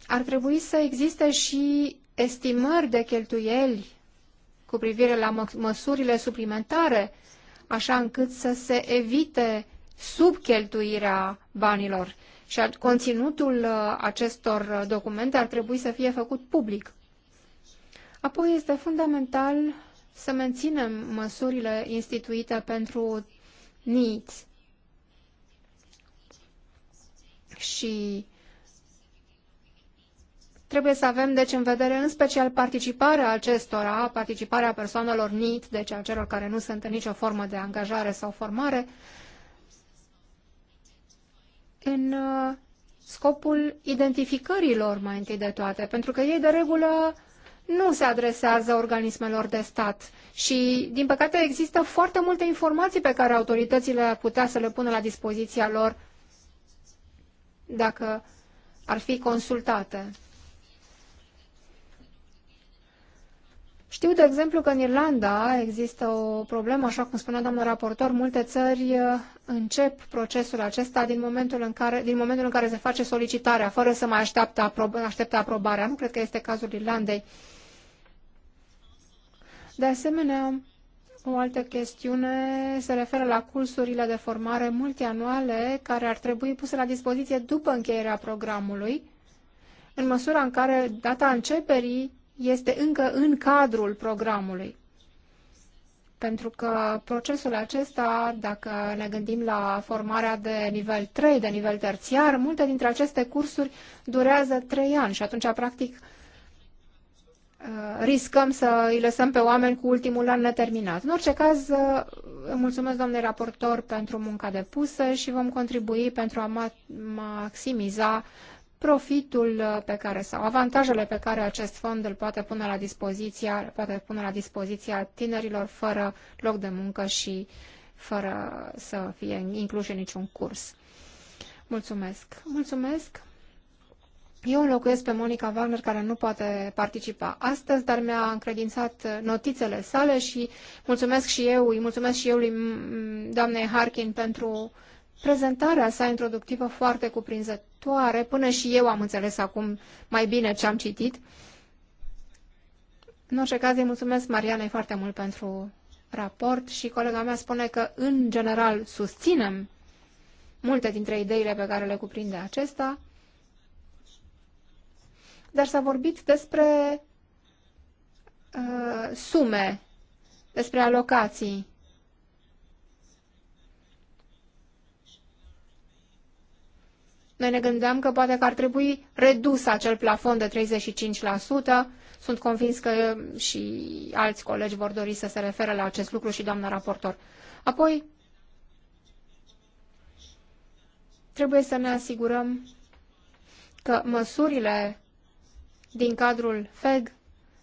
ar trebui să existe și estimări de cheltuieli cu privire la mă măsurile suplimentare, așa încât să se evite subcheltuirea banilor. Și conținutul uh, acestor uh, documente ar trebui să fie făcut public. Apoi este fundamental să menținem măsurile instituite pentru NEEDS și trebuie să avem deci în vedere în special participarea acestora, participarea persoanelor NIT, deci a celor care nu sunt în nicio formă de angajare sau formare, în uh, scopul identificărilor mai întâi de toate, pentru că ei de regulă nu se adresează organismelor de stat și, din păcate, există foarte multe informații pe care autoritățile ar putea să le pună la dispoziția lor dacă ar fi consultate. Știu, de exemplu, că în Irlanda există o problemă, așa cum spunea doamna raportor, multe țări uh, încep procesul acesta din momentul în care, din momentul în care se face solicitarea, fără să mai aștepte aprob aprobarea. Nu cred că este cazul Irlandei. De asemenea, o altă chestiune se referă la cursurile de formare multianuale care ar trebui puse la dispoziție după încheierea programului, în măsura în care data începerii este încă în cadrul programului. Pentru că procesul acesta, dacă ne gândim la formarea de nivel 3, de nivel terțiar, multe dintre aceste cursuri durează 3 ani și atunci, practic, uh, riscăm să îi lăsăm pe oameni cu ultimul an neterminat. În orice caz, uh, mulțumesc domnule raportor pentru munca depusă și vom contribui pentru a maximiza profitul uh, pe care sau avantajele pe care acest fond îl poate pune la dispoziția, poate pune la dispoziția tinerilor fără loc de muncă și fără să fie inclus în niciun curs. Mulțumesc. Mulțumesc. Eu înlocuiesc pe Monica Wagner, care nu poate participa astăzi, dar mi-a încredințat notițele sale și mulțumesc și eu, îi mulțumesc și eu lui mm, doamnei Harkin pentru prezentarea sa introductivă foarte cuprinzătoare uimitoare. Până și eu am înțeles acum mai bine ce am citit. În orice caz, îi mulțumesc Marianei foarte mult pentru raport și colega mea spune că, în general, susținem multe dintre ideile pe care le cuprinde acesta, dar s-a vorbit despre uh, sume, despre alocații. Noi ne gândeam că poate că ar trebui redus acel plafon de 35%. Sunt convins că și alți colegi vor dori să se refere la acest lucru și doamna raportor. Apoi, trebuie să ne asigurăm că măsurile din cadrul FEG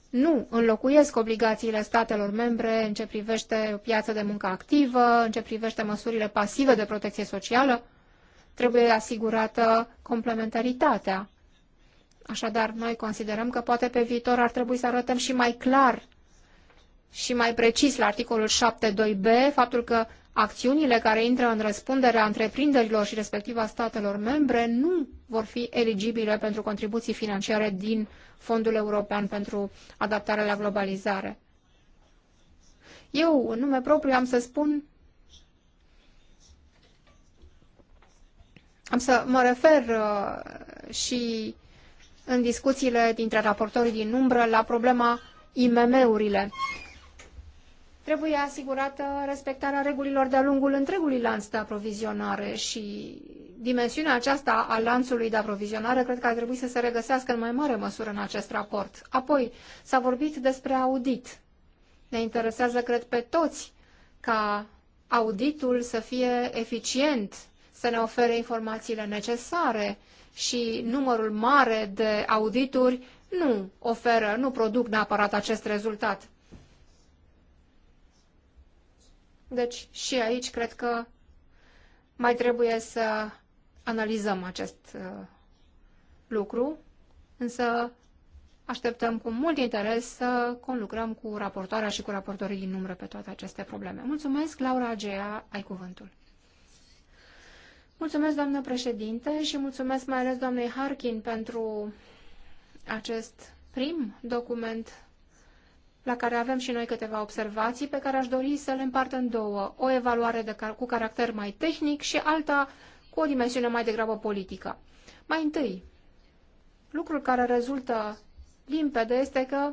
nu înlocuiesc obligațiile statelor membre în ce privește piața de muncă activă, în ce privește măsurile pasive de protecție socială, trebuie asigurată complementaritatea. Așadar, noi considerăm că poate pe viitor ar trebui să arătăm și mai clar și mai precis la articolul 7.2b faptul că acțiunile care intră în răspunderea întreprinderilor și respectiv a statelor membre nu vor fi eligibile pentru contribuții financiare din Fondul European pentru adaptarea la globalizare. Eu, în nume propriu, am să spun Am să mă refer uh, și în discuțiile dintre raportorii din umbră la problema IMM-urile. Trebuie asigurată respectarea regulilor de-a lungul întregului lanț de aprovizionare și dimensiunea aceasta a lanțului de aprovizionare cred că ar trebui să se regăsească în mai mare măsură în acest raport. Apoi, s-a vorbit despre audit. Ne interesează, cred, pe toți ca auditul să fie eficient să ne ofere informațiile necesare și numărul mare de audituri nu oferă, nu produc neapărat acest rezultat. Deci și aici cred că mai trebuie să analizăm acest uh, lucru, însă așteptăm cu mult interes să conlucrăm cu raportoarea și cu raportorii din umbră pe toate aceste probleme. Mulțumesc, Laura Agea, ai cuvântul. Mulțumesc, doamnă președinte, și mulțumesc mai ales doamnei Harkin pentru acest prim document la care avem și noi câteva observații pe care aș dori să le împart în două. O evaluare de car- cu caracter mai tehnic și alta cu o dimensiune mai degrabă politică. Mai întâi, lucrul care rezultă limpede este că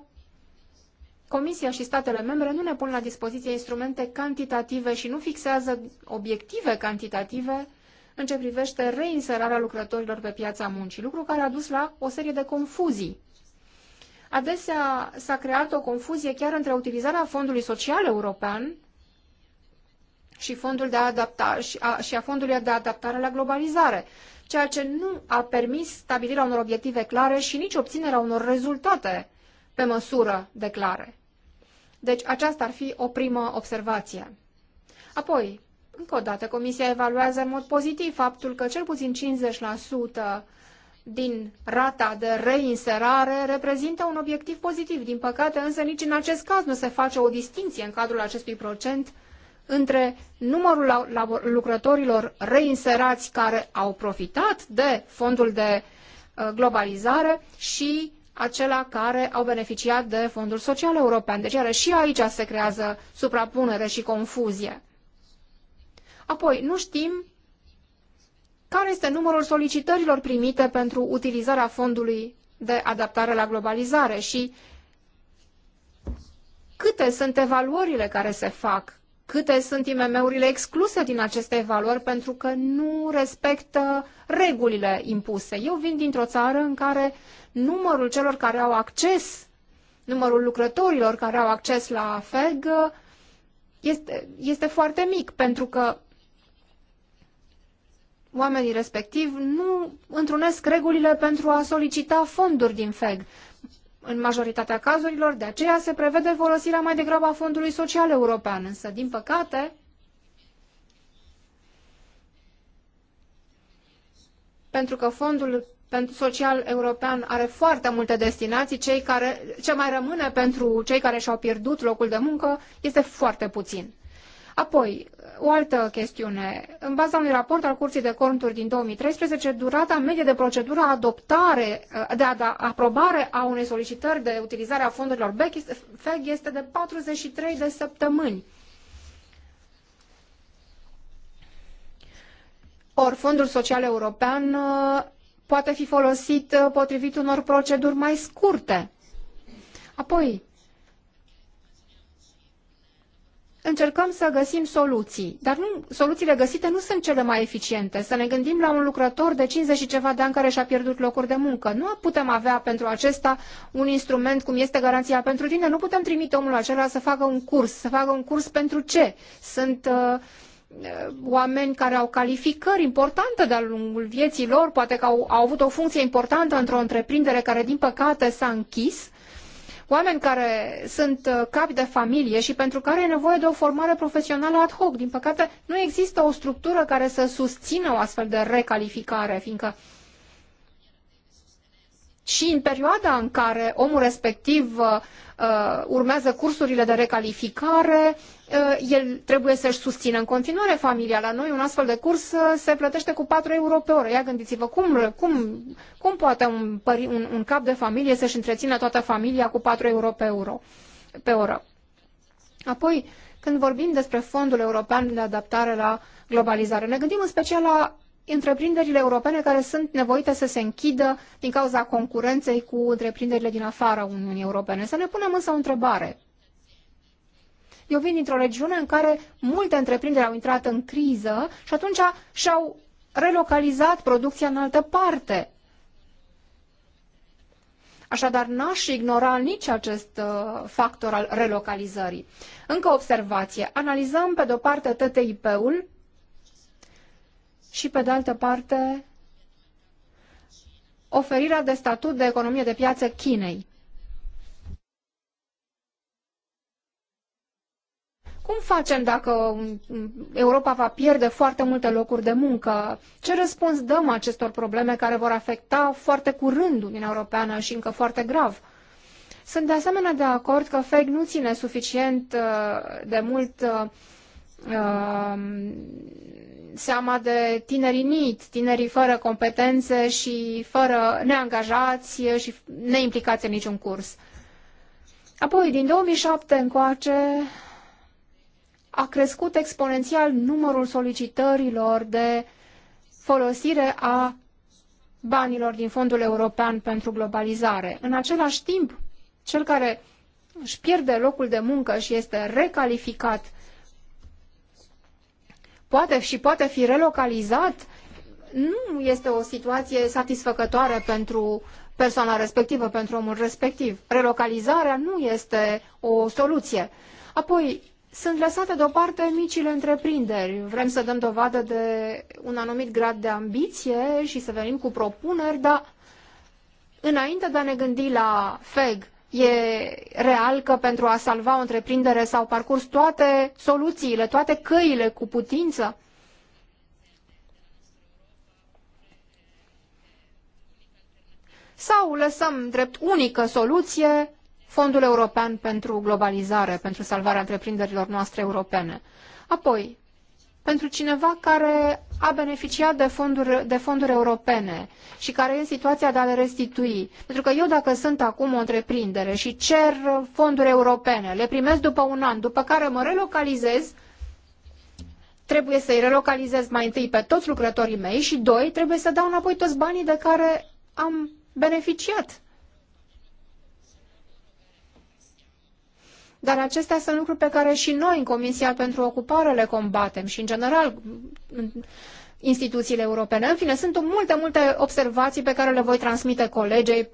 Comisia și statele membre nu ne pun la dispoziție instrumente cantitative și nu fixează obiective cantitative în ce privește reinserarea lucrătorilor pe piața muncii, lucru care a dus la o serie de confuzii. Adesea s-a creat o confuzie chiar între utilizarea Fondului Social European și, fondul de adaptare, și, a, și a Fondului de Adaptare la Globalizare, ceea ce nu a permis stabilirea unor obiective clare și nici obținerea unor rezultate pe măsură de clare. Deci aceasta ar fi o primă observație. Apoi, încă o dată, Comisia evaluează în mod pozitiv faptul că cel puțin 50% din rata de reinserare reprezintă un obiectiv pozitiv. Din păcate, însă, nici în acest caz nu se face o distinție în cadrul acestui procent între numărul lucrătorilor reinserați care au profitat de fondul de uh, globalizare și acela care au beneficiat de fondul social european. Deci, iară, și aici se creează suprapunere și confuzie. Apoi, nu știm care este numărul solicitărilor primite pentru utilizarea fondului de adaptare la globalizare și câte sunt evaluările care se fac, câte sunt IMM-urile excluse din aceste evaluări pentru că nu respectă regulile impuse. Eu vin dintr-o țară în care numărul celor care au acces, numărul lucrătorilor care au acces la FEG este, este foarte mic, pentru că oamenii respectivi nu întrunesc regulile pentru a solicita fonduri din FEG. În majoritatea cazurilor, de aceea se prevede folosirea mai degrabă a Fondului Social European, însă, din păcate, pentru că Fondul Social European are foarte multe destinații, cei care, ce mai rămâne pentru cei care și-au pierdut locul de muncă este foarte puțin. Apoi, o altă chestiune. În baza unui raport al Curții de Conturi din 2013, durata medie de procedură adoptare, de da aprobare a unei solicitări de utilizare a fondurilor BEC este de 43 de săptămâni. Ori Fondul Social European uh, poate fi folosit uh, potrivit unor proceduri mai scurte. Apoi, încercăm să găsim soluții, dar nu, soluțiile găsite nu sunt cele mai eficiente. Să ne gândim la un lucrător de 50 și ceva de ani care și-a pierdut locuri de muncă. Nu putem avea pentru acesta un instrument cum este garanția pentru tine. Nu putem trimite omul acela să facă un curs. Să facă un curs pentru ce? Sunt uh, uh oameni care au calificări importante de-a lungul vieții lor, poate că au, au avut o funcție importantă într-o întreprindere care, din păcate, s-a închis oameni care sunt uh, capi de familie și pentru care e nevoie de o formare profesională ad hoc. Din păcate, nu există o structură care să susțină o astfel de recalificare, fiindcă și în perioada în care omul respectiv uh, uh, urmează cursurile de recalificare, uh, el trebuie să-și susțină în continuare familia. La noi un astfel de curs uh, se plătește cu 4 euro pe oră. Ia gândiți-vă cum, cum, cum poate un, un, un cap de familie să-și întrețină toată familia cu 4 euro pe, euro, pe oră. Apoi, când vorbim despre Fondul European de Adaptare la Globalizare, ne gândim în special la întreprinderile europene care sunt nevoite să se închidă din cauza concurenței cu întreprinderile din afara Uniunii Europene. Să ne punem însă o întrebare. Eu vin dintr-o regiune în care multe întreprinderi au intrat în criză și atunci și-au relocalizat producția în altă parte. Așadar, n-aș ignora nici acest uh, factor al relocalizării. Încă observație. Analizăm, pe de-o parte, TTIP-ul, și, pe de altă parte, oferirea de statut de economie de piață Chinei. Cum facem dacă mm, mm, Europa va pierde foarte multe locuri de muncă? Ce răspuns dăm acestor probleme care vor afecta foarte curând Uniunea Europeană și încă foarte grav? Sunt de asemenea de acord că FEG nu ține suficient uh, de mult uh, uh, seama de tinerii NIT, tinerii fără competențe și fără neangajați și neimplicați în niciun curs. Apoi, din 2007 încoace, a crescut exponențial numărul solicitărilor de folosire a banilor din Fondul European pentru Globalizare. În același timp, cel care își pierde locul de muncă și este recalificat poate și poate fi relocalizat, nu este o situație satisfăcătoare pentru persoana respectivă, pentru omul respectiv. Relocalizarea nu este o soluție. Apoi, sunt lăsate deoparte micile întreprinderi. Vrem să dăm dovadă de un anumit grad de ambiție și să venim cu propuneri, dar înainte de a ne gândi la FEG, E real că pentru a salva o întreprindere s-au parcurs toate soluțiile, toate căile cu putință? Sau lăsăm drept unică soluție Fondul European pentru Globalizare, pentru salvarea întreprinderilor noastre europene? Apoi, pentru cineva care a beneficiat de fonduri, de fonduri europene și care e în situația de a le restitui. Pentru că eu dacă sunt acum o întreprindere și cer fonduri europene, le primesc după un an, după care mă relocalizez, trebuie să-i relocalizez mai întâi pe toți lucrătorii mei și, doi, trebuie să dau înapoi toți banii de care am beneficiat. Dar acestea sunt lucruri pe care și noi în Comisia pentru Ocupare le combatem și, în general, instituțiile europene. În fine, sunt multe, multe observații pe care le voi transmite colegei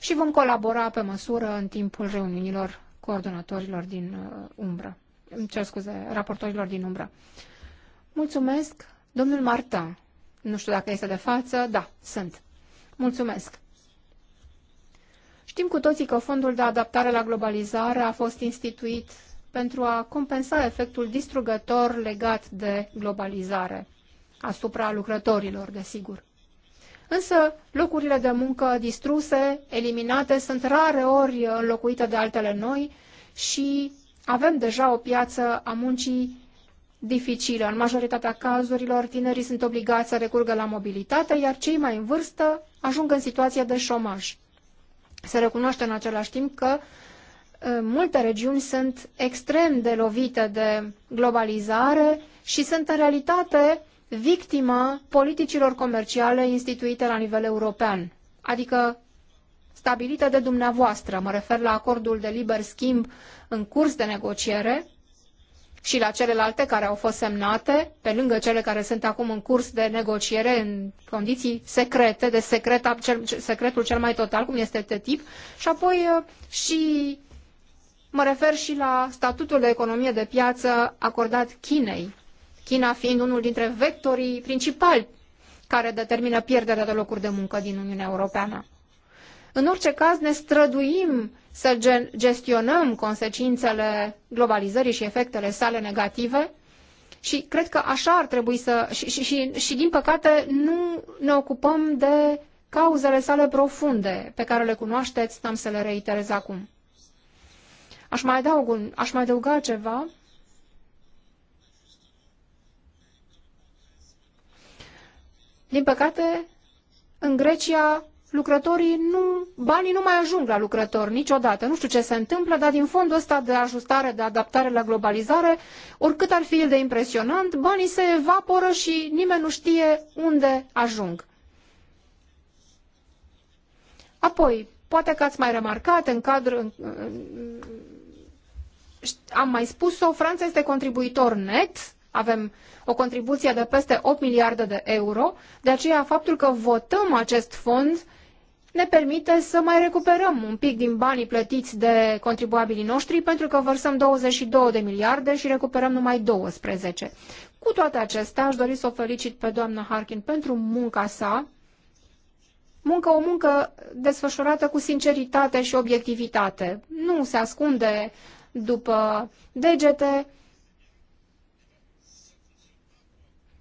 și vom colabora pe măsură în timpul reuniunilor coordonatorilor din uh, umbră. Îmi cer scuze, raportorilor din umbră. Mulțumesc, domnul Martin. Nu știu dacă este de față. Da, sunt. Mulțumesc. Știm cu toții că Fondul de Adaptare la Globalizare a fost instituit pentru a compensa efectul distrugător legat de globalizare asupra lucrătorilor, desigur. Însă, locurile de muncă distruse, eliminate, sunt rare ori înlocuite de altele noi și avem deja o piață a muncii dificilă. În majoritatea cazurilor, tinerii sunt obligați să recurgă la mobilitate, iar cei mai în vârstă ajung în situație de șomaj. Se recunoaște în același timp că uh, multe regiuni sunt extrem de lovite de globalizare și sunt în realitate victima politicilor comerciale instituite la nivel european, adică stabilite de dumneavoastră. Mă refer la acordul de liber schimb în curs de negociere, și la celelalte care au fost semnate, pe lângă cele care sunt acum în curs de negociere în condiții secrete, de secret, secretul cel mai total, cum este TTIP, și apoi uh, și mă refer și la statutul de economie de piață acordat Chinei, China fiind unul dintre vectorii principali care determină pierderea de locuri de muncă din Uniunea Europeană. În orice caz, ne străduim să gestionăm consecințele globalizării și efectele sale negative și cred că așa ar trebui să... Și, și, și, și din păcate nu ne ocupăm de cauzele sale profunde pe care le cunoașteți, n-am să le reiterez acum. Aș mai, adaug un, aș mai adăuga ceva. Din păcate, în Grecia lucrătorii nu, banii nu mai ajung la lucrători niciodată. Nu știu ce se întâmplă, dar din fondul ăsta de ajustare, de adaptare la globalizare, oricât ar fi el de impresionant, banii se evaporă și nimeni nu știe unde ajung. Apoi, poate că ați mai remarcat în cadrul am mai spus-o, Franța este contribuitor net, avem o contribuție de peste 8 miliarde de euro, de aceea faptul că votăm acest fond ne permite să mai recuperăm un pic din banii plătiți de contribuabilii noștri, pentru că vărsăm 22 de miliarde și recuperăm numai 12. Cu toate acestea, aș dori să o felicit pe doamna Harkin pentru munca sa, muncă o muncă desfășurată cu sinceritate și obiectivitate. Nu se ascunde după degete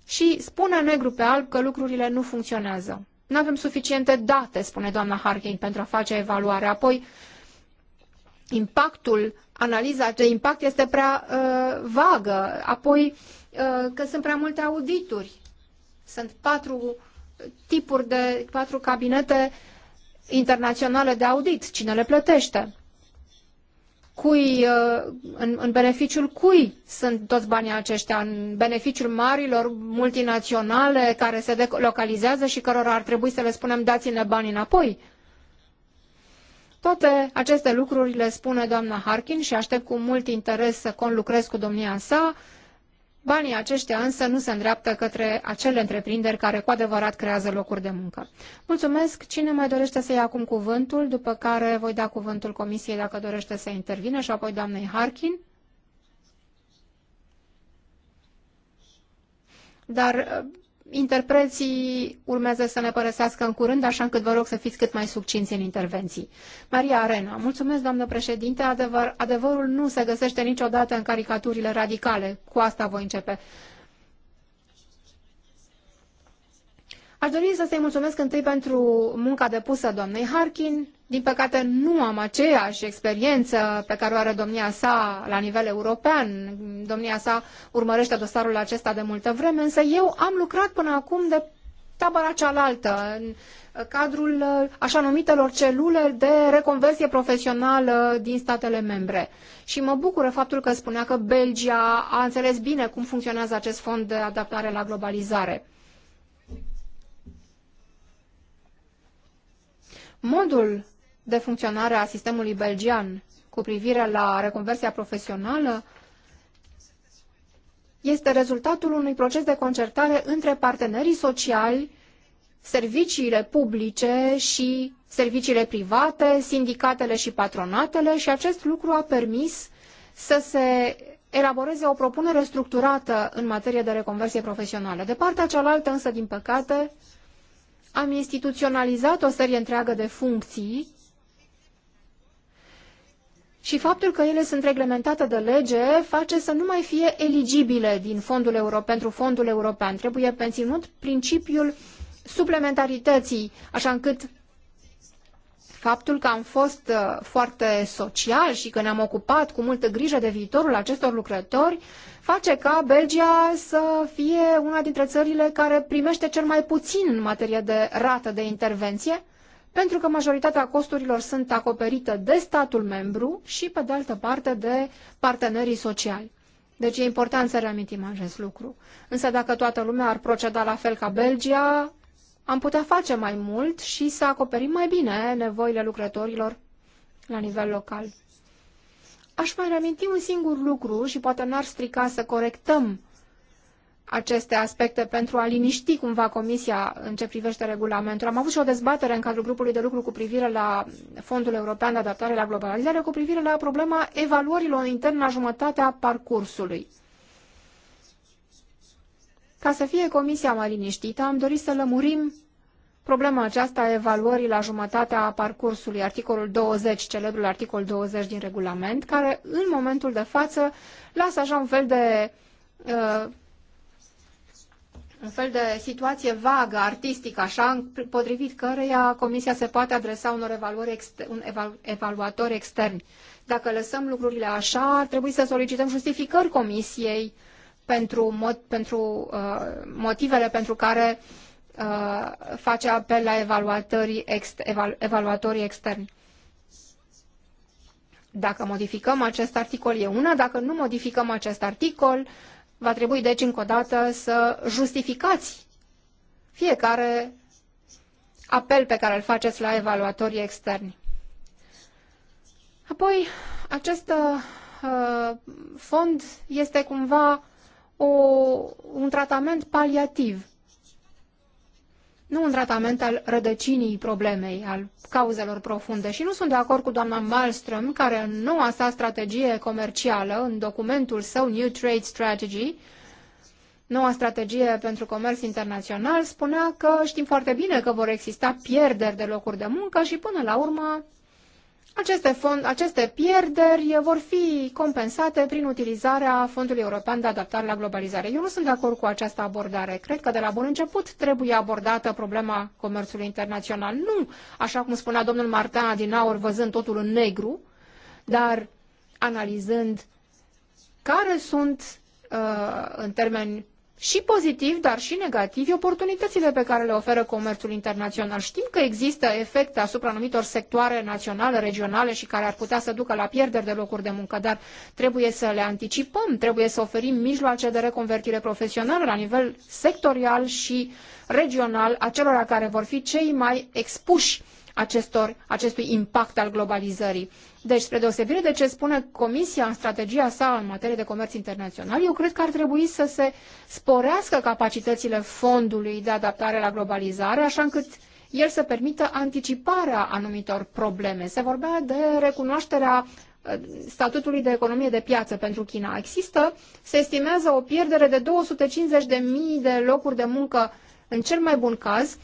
și spune negru pe alb că lucrurile nu funcționează. Nu avem suficiente date, spune doamna Harkin, pentru a face evaluare. Apoi, impactul, analiza de impact este prea uh, vagă. Apoi, uh, că sunt prea multe audituri. Sunt patru tipuri de, patru cabinete internaționale de audit. Cine le plătește? cui, uh, în, în beneficiul cui sunt toți banii aceștia, în beneficiul marilor multinaționale care se localizează și cărora ar trebui să le spunem dați-ne banii înapoi. Toate aceste lucruri le spune doamna Harkin și aștept cu mult interes să conlucrez cu domnia sa. Banii aceștia însă nu se îndreaptă către acele întreprinderi care cu adevărat creează locuri de muncă. Mulțumesc. Cine mai dorește să ia acum cuvântul, după care voi da cuvântul comisiei dacă dorește să intervină și apoi doamnei Harkin. Dar Interpreții urmează să ne părăsească în curând, așa încât vă rog să fiți cât mai succinți în intervenții. Maria Arena, mulțumesc, doamnă președinte, Adevăr, adevărul nu se găsește niciodată în caricaturile radicale. Cu asta voi începe. Aș dori să-i mulțumesc întâi pentru munca depusă doamnei Harkin, din păcate, nu am aceeași experiență pe care o are domnia sa la nivel european. Domnia sa urmărește dosarul acesta de multă vreme, însă eu am lucrat până acum de tabăra cealaltă, în cadrul uh, așa numitelor celule de reconversie profesională din statele membre. Și mă bucură faptul că spunea că Belgia a înțeles bine cum funcționează acest fond de adaptare la globalizare. Modul de funcționare a sistemului belgian cu privire la reconversia profesională este rezultatul unui proces de concertare între partenerii sociali, serviciile publice și serviciile private, sindicatele și patronatele și acest lucru a permis să se elaboreze o propunere structurată în materie de reconversie profesională. De partea cealaltă, însă, din păcate, am instituționalizat o serie întreagă de funcții și faptul că ele sunt reglementate de lege face să nu mai fie eligibile din fondul euro, pentru fondul european. Trebuie menținut principiul suplementarității, așa încât faptul că am fost uh, foarte social și că ne-am ocupat cu multă grijă de viitorul acestor lucrători face ca Belgia să fie una dintre țările care primește cel mai puțin în materie de rată de intervenție pentru că majoritatea costurilor sunt acoperite de statul membru și, pe de altă parte, de partenerii sociali. Deci e important să reamintim acest lucru. Însă dacă toată lumea ar proceda la fel ca Belgia, am putea face mai mult și să acoperim mai bine nevoile lucrătorilor la nivel local. Aș mai reaminti un singur lucru și poate n-ar strica să corectăm aceste aspecte pentru a liniști cumva Comisia în ce privește regulamentul. Am avut și o dezbatere în cadrul grupului de lucru cu privire la Fondul European de Adaptare la Globalizare, cu privire la problema evaluărilor interne la jumătatea parcursului. Ca să fie Comisia mai liniștită, am dorit să lămurim problema aceasta a evaluării la jumătatea parcursului, articolul 20, celebrul articol 20 din regulament, care în momentul de față lasă așa un fel de uh, un fel de situație vagă, artistică, așa, potrivit căreia Comisia se poate adresa unor evaluări exter- un evalu- evaluatori externi. Dacă lăsăm lucrurile așa, ar trebui să solicităm justificări Comisiei pentru, pentru uh, motivele pentru care uh, face apel la evaluatorii, evalu- evaluatorii externi. Dacă modificăm acest articol e una, dacă nu modificăm acest articol, uh, Va trebui, deci, încă o dată să justificați fiecare apel pe care îl faceți la evaluatorii externi. Apoi, acest uh, fond este cumva o, un tratament paliativ nu un tratament al rădăcinii problemei, al cauzelor profunde. Și nu sunt de acord cu doamna Malmström, care în noua sa strategie comercială, în documentul său New Trade Strategy, noua strategie pentru comerț internațional, spunea că știm foarte bine că vor exista pierderi de locuri de muncă și până la urmă aceste, fond, aceste pierderi vor fi compensate prin utilizarea Fondului European de Adaptare la Globalizare. Eu nu sunt de acord cu această abordare. Cred că de la bun început trebuie abordată problema comerțului internațional. Nu, așa cum spunea domnul Martin Adinaur, văzând totul în negru, dar analizând care sunt, uh, în termeni și pozitiv, dar și negativ, oportunitățile pe care le oferă comerțul internațional. Știm că există efecte asupra anumitor sectoare naționale, regionale și care ar putea să ducă la pierderi de locuri de muncă, dar trebuie să le anticipăm, trebuie să oferim mijloace de reconvertire profesională la nivel sectorial și regional acelora care vor fi cei mai expuși acestor, acestui impact al globalizării. Deci, spre deosebire de ce spune Comisia în strategia sa în materie de comerț internațional, eu cred că ar trebui să se sporească capacitățile fondului de adaptare la globalizare, așa încât el să permită anticiparea anumitor probleme. Se vorbea de recunoașterea uh, statutului de economie de piață pentru China. Există, se estimează o pierdere de 250.000 de locuri de muncă în cel mai bun caz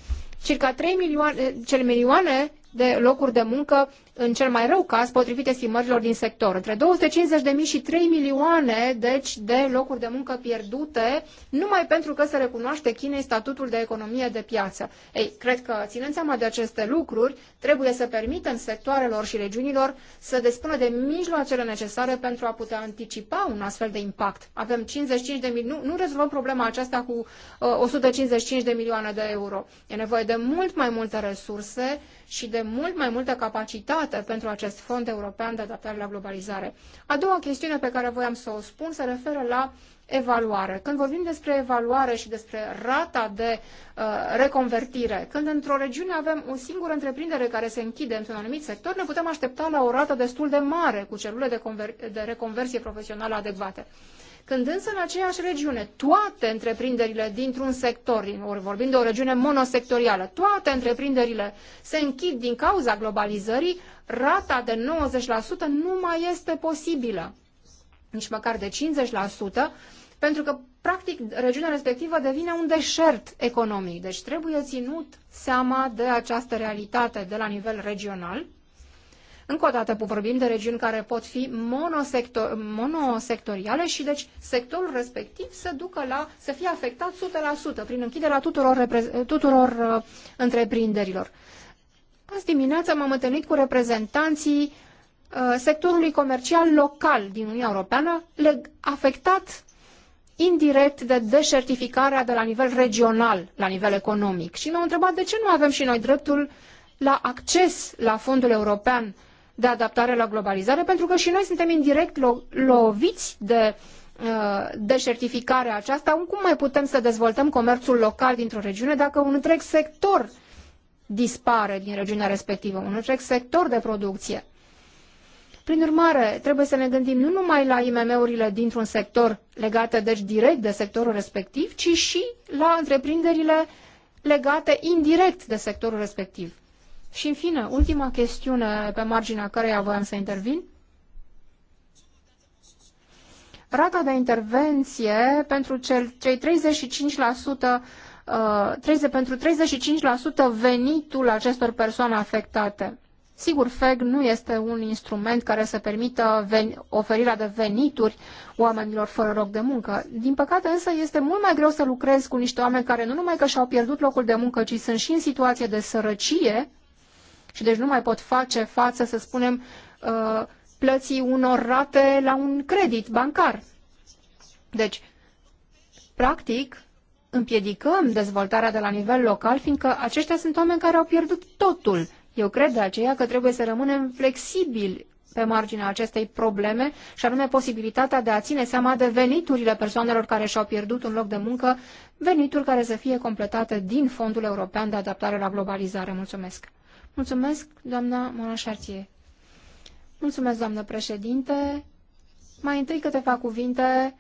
circa 3 milioane, milioane de locuri de muncă în cel mai rău caz, potrivit estimărilor din sector. Între 250.000 și 3 milioane, deci, de locuri de muncă pierdute, numai pentru că se recunoaște Chinei statutul de economie de piață. Ei, cred că, ținând seama de aceste lucruri, trebuie să permitem sectoarelor și regiunilor să despună de mijloacele necesare pentru a putea anticipa un astfel de impact. Avem 55 de mil... nu, nu rezolvăm problema aceasta cu uh, 155 de milioane de euro. E nevoie de mult mai multe resurse și de mult mai multă capacitate alocate pentru acest fond european de adaptare la globalizare. A doua chestiune pe care voiam să o spun se referă la evaluare. Când vorbim despre evaluare și despre rata de uh, reconvertire, când într-o regiune avem o singură întreprindere care se închide într-un anumit sector, ne putem aștepta la o rată destul de mare cu celule de, de reconversie profesională adecvate. Când însă în aceeași regiune toate întreprinderile dintr-un sector, ori vorbim de o regiune monosectorială, toate întreprinderile se închid din cauza globalizării, rata de 90% nu mai este posibilă, nici măcar de 50%, pentru că, practic, regiunea respectivă devine un deșert economic. Deci trebuie ținut seama de această realitate de la nivel regional încă o dată vorbim de regiuni care pot fi monosector, monosectoriale și deci sectorul respectiv să ducă la, să fie afectat 100% prin închiderea tuturor, tuturor uh, întreprinderilor. Azi dimineață m-am întâlnit cu reprezentanții uh, sectorului comercial local din Uniunea Europeană, afectat indirect de deșertificarea de la nivel regional, la nivel economic. Și m-au întrebat de ce nu avem și noi dreptul la acces la fondul european de adaptare la globalizare, pentru că și noi suntem indirect lo- loviți de uh, deșertificarea aceasta, cum mai putem să dezvoltăm comerțul local dintr-o regiune dacă un întreg sector dispare din regiunea respectivă, un întreg sector de producție. Prin urmare, trebuie să ne gândim nu numai la IMM-urile dintr-un sector legate deci direct de sectorul respectiv, ci și la întreprinderile legate indirect de sectorul respectiv. Și, în fine, ultima chestiune pe marginea căreia voiam să intervin. Rata de intervenție pentru cel, cei 35%, uh, 30, pentru 35% venitul acestor persoane afectate. Sigur, FEG nu este un instrument care să permită oferirea de venituri oamenilor fără loc de muncă. Din păcate însă este mult mai greu să lucrezi cu niște oameni care nu numai că și-au pierdut locul de muncă, ci sunt și în situație de sărăcie și deci nu mai pot face față, să spunem, uh, plății unor rate la un credit bancar. Deci, practic, împiedicăm dezvoltarea de la nivel local, fiindcă aceștia sunt oameni care au pierdut totul. Eu cred de aceea că trebuie să rămânem flexibili pe marginea acestei probleme și anume posibilitatea de a ține seama de veniturile persoanelor care și-au pierdut un loc de muncă, venituri care să fie completate din Fondul European de Adaptare la Globalizare. Mulțumesc! Mulțumesc, doamna Mona Chartier. Mulțumesc, doamnă președinte. Mai întâi câteva cuvinte.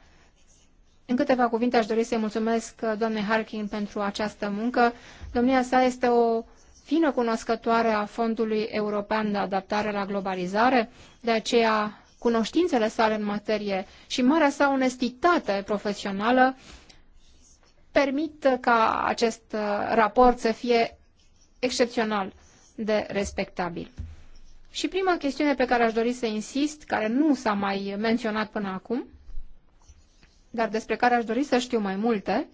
În câteva cuvinte aș dori să-i mulțumesc uh, doamnei Harkin pentru această muncă. Domnia sa este o fină cunoscătoare a Fondului European de Adaptare la Globalizare, de aceea cunoștințele sale în materie și marea sa onestitate profesională permit ca acest uh, raport să fie excepțional de respectabil. Și prima chestiune pe care aș dori să insist, care nu s-a mai menționat până acum, dar despre care aș dori să știu mai multe,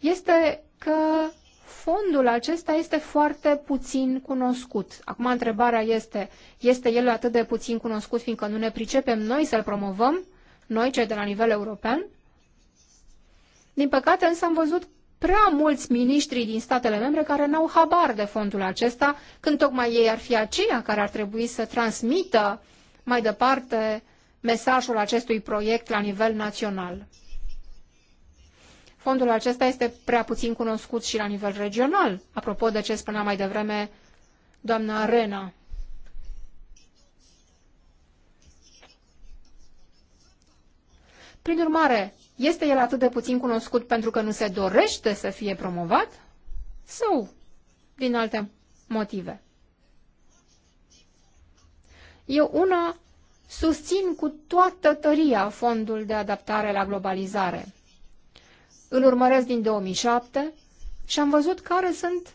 este că fondul acesta este foarte puțin cunoscut. Acum întrebarea este, este el atât de puțin cunoscut fiindcă nu ne pricepem noi să-l promovăm, noi cei de la nivel european? Din păcate însă am văzut prea mulți miniștri din statele membre care n-au habar de fondul acesta, când tocmai ei ar fi aceia care ar trebui să transmită mai departe mesajul acestui proiect la nivel național. Fondul acesta este prea puțin cunoscut și la nivel regional, apropo de ce spunea mai devreme doamna Arena. Prin urmare, este el atât de puțin cunoscut pentru că nu se dorește să fie promovat? Sau din alte motive? Eu una susțin cu toată tăria fondul de adaptare la globalizare. Îl urmăresc din 2007 și am văzut care sunt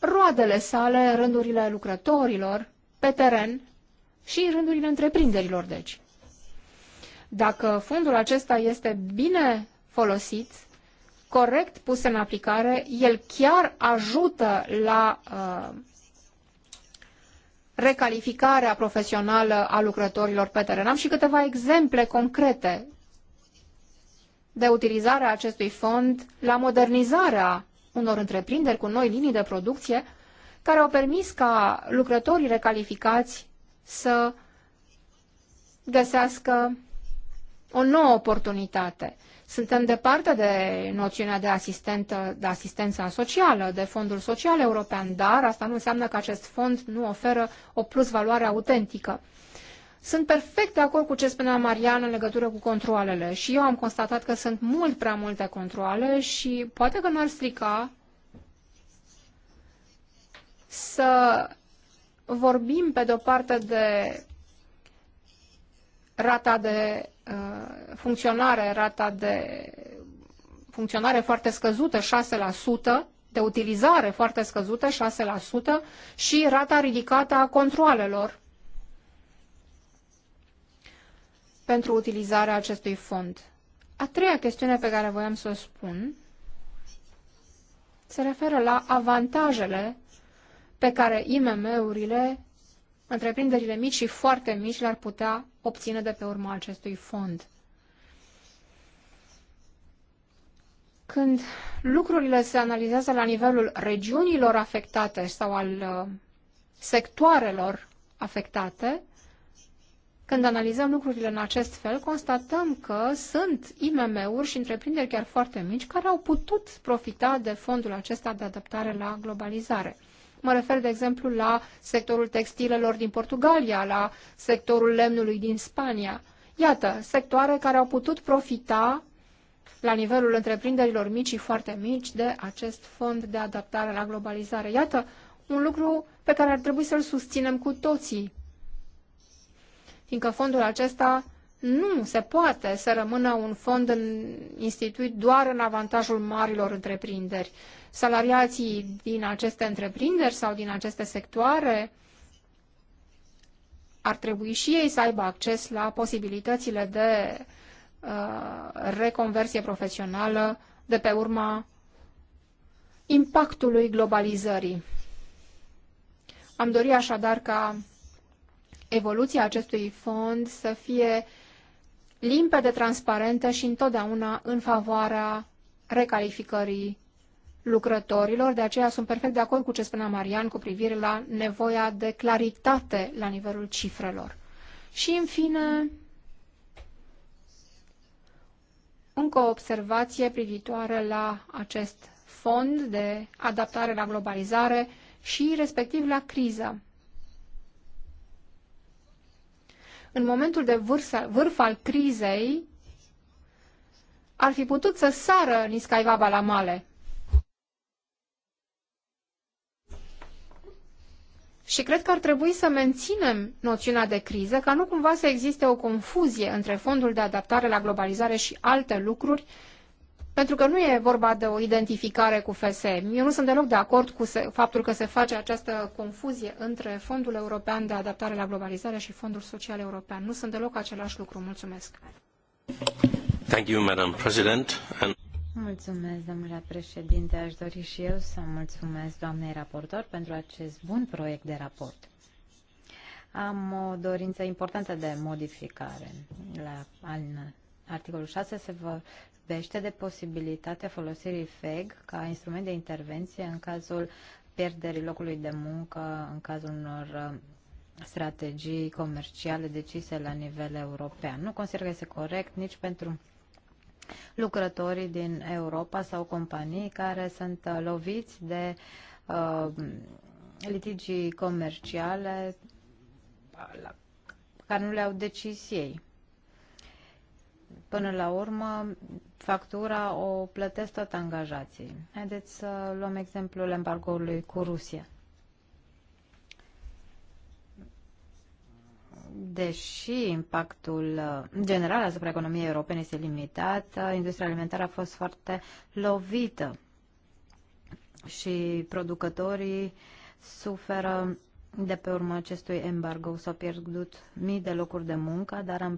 roadele sale în rândurile lucrătorilor, pe teren și în rândurile întreprinderilor, deci. Dacă fondul acesta este bine folosit, corect pus în aplicare, el chiar ajută la uh, recalificarea profesională a lucrătorilor pe teren. Am și câteva exemple concrete de utilizarea acestui fond la modernizarea unor întreprinderi cu noi linii de producție care au permis ca lucrătorii recalificați să găsească o nouă oportunitate. Suntem departe de noțiunea de, asistentă, de asistență socială, de fondul social european, dar asta nu înseamnă că acest fond nu oferă o plusvaloare autentică. Sunt perfect de acord cu ce spunea Marian în legătură cu controalele și eu am constatat că sunt mult prea multe controale și poate că mi-ar strica să vorbim pe de-o parte de rata de Uh, funcționare, rata de funcționare foarte scăzută, 6%, de utilizare foarte scăzută, 6%, și rata ridicată a controalelor pentru utilizarea acestui fond. A treia chestiune pe care voiam să o spun se referă la avantajele pe care IMM-urile, întreprinderile mici și foarte mici, le-ar putea obține de pe urma acestui fond. Când lucrurile se analizează la nivelul regiunilor afectate sau al uh, sectoarelor afectate, când analizăm lucrurile în acest fel, constatăm că sunt IMM-uri și întreprinderi chiar foarte mici care au putut profita de fondul acesta de adaptare la globalizare. Mă refer, de exemplu, la sectorul textilelor din Portugalia, la sectorul lemnului din Spania. Iată, sectoare care au putut profita la nivelul întreprinderilor mici și foarte mici de acest fond de adaptare la globalizare. Iată, un lucru pe care ar trebui să-l susținem cu toții, fiindcă fondul acesta nu se poate să rămână un fond în, instituit doar în avantajul marilor întreprinderi salariații din aceste întreprinderi sau din aceste sectoare ar trebui și ei să aibă acces la posibilitățile de uh, reconversie profesională de pe urma impactului globalizării. Am dorit așadar ca evoluția acestui fond să fie limpede, transparentă și întotdeauna în favoarea recalificării lucrătorilor. De aceea sunt perfect de acord cu ce spunea Marian cu privire la nevoia de claritate la nivelul cifrelor. Și, în fine, încă o observație privitoare la acest fond de adaptare la globalizare și respectiv la criză. În momentul de vârf, vârf al crizei, ar fi putut să sară Niscaivaba la male, Și cred că ar trebui să menținem noțiunea de criză, ca nu cumva să existe o confuzie între fondul de adaptare la globalizare și alte lucruri, pentru că nu e vorba de o identificare cu FSM. Eu nu sunt deloc de acord cu se, faptul că se face această confuzie între Fondul European de Adaptare la Globalizare și Fondul Social European. Nu sunt deloc același lucru. Mulțumesc. Thank you, Madam President. And... Mulțumesc, domnule președinte. Aș dori și eu să mulțumesc doamnei raportor pentru acest bun proiect de raport. Am o dorință importantă de modificare. La articolul 6 se vorbește de posibilitatea folosirii FEG ca instrument de intervenție în cazul pierderii locului de muncă, în cazul unor uh, strategii comerciale decise la nivel european. Nu consider că este corect nici pentru lucrătorii din Europa sau companii care sunt uh, loviți de uh, litigii comerciale la, care nu le-au decis ei. Până la urmă, factura o plătesc tot angajații. Haideți să luăm exemplul embargoului cu Rusia. deși impactul uh, general asupra economiei europene este limitat, uh, industria alimentară a fost foarte lovită și producătorii suferă de pe urma acestui embargo. S-au pierdut mii de locuri de muncă, dar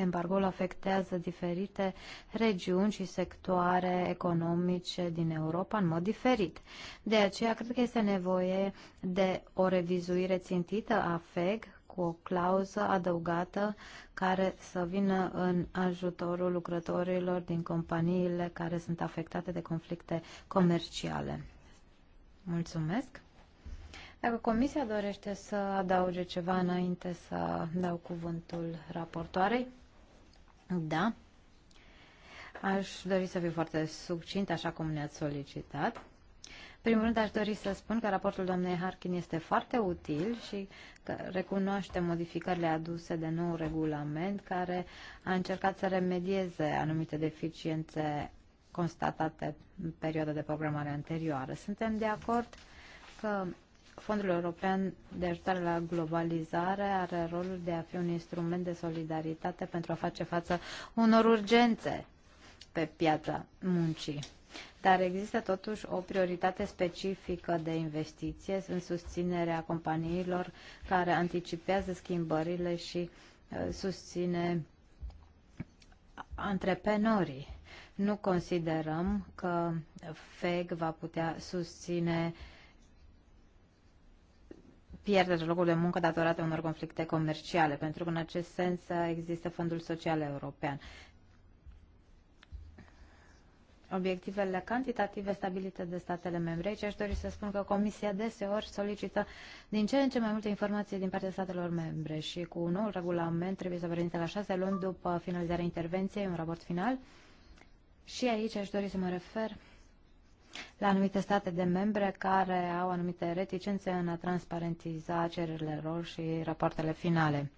embargoul afectează diferite regiuni și sectoare economice din Europa în mod diferit. De aceea, cred că este nevoie de o revizuire țintită a FEG cu o clauză adăugată care să vină în ajutorul lucrătorilor din companiile care sunt afectate de conflicte comerciale. Mulțumesc! Dacă Comisia dorește să adauge ceva înainte să dau cuvântul raportoarei, da. Aș dori să fiu foarte succint, așa cum ne-ați solicitat primul rând aș dori să spun că raportul doamnei Harkin este foarte util și că recunoaște modificările aduse de nou regulament care a încercat să remedieze anumite deficiențe constatate în perioada de programare anterioară. Suntem de acord că Fondul European de Ajutare la Globalizare are rolul de a fi un instrument de solidaritate pentru a face față unor urgențe pe piața muncii dar există totuși o prioritate specifică de investiție în susținerea companiilor care anticipează schimbările și uh, susține antreprenorii. Nu considerăm că FEG va putea susține pierderea locului de muncă datorate unor conflicte comerciale, pentru că în acest sens există Fondul Social European obiectivele cantitative stabilite de statele membre. Aici aș dori să spun că Comisia deseori solicită din ce în ce mai multe informații din partea statelor membre și cu un nou regulament trebuie să prezinte la șase luni după finalizarea intervenției un raport final. Și aici aș dori să mă refer la anumite state de membre care au anumite reticențe în a transparentiza cererile lor și rapoartele finale.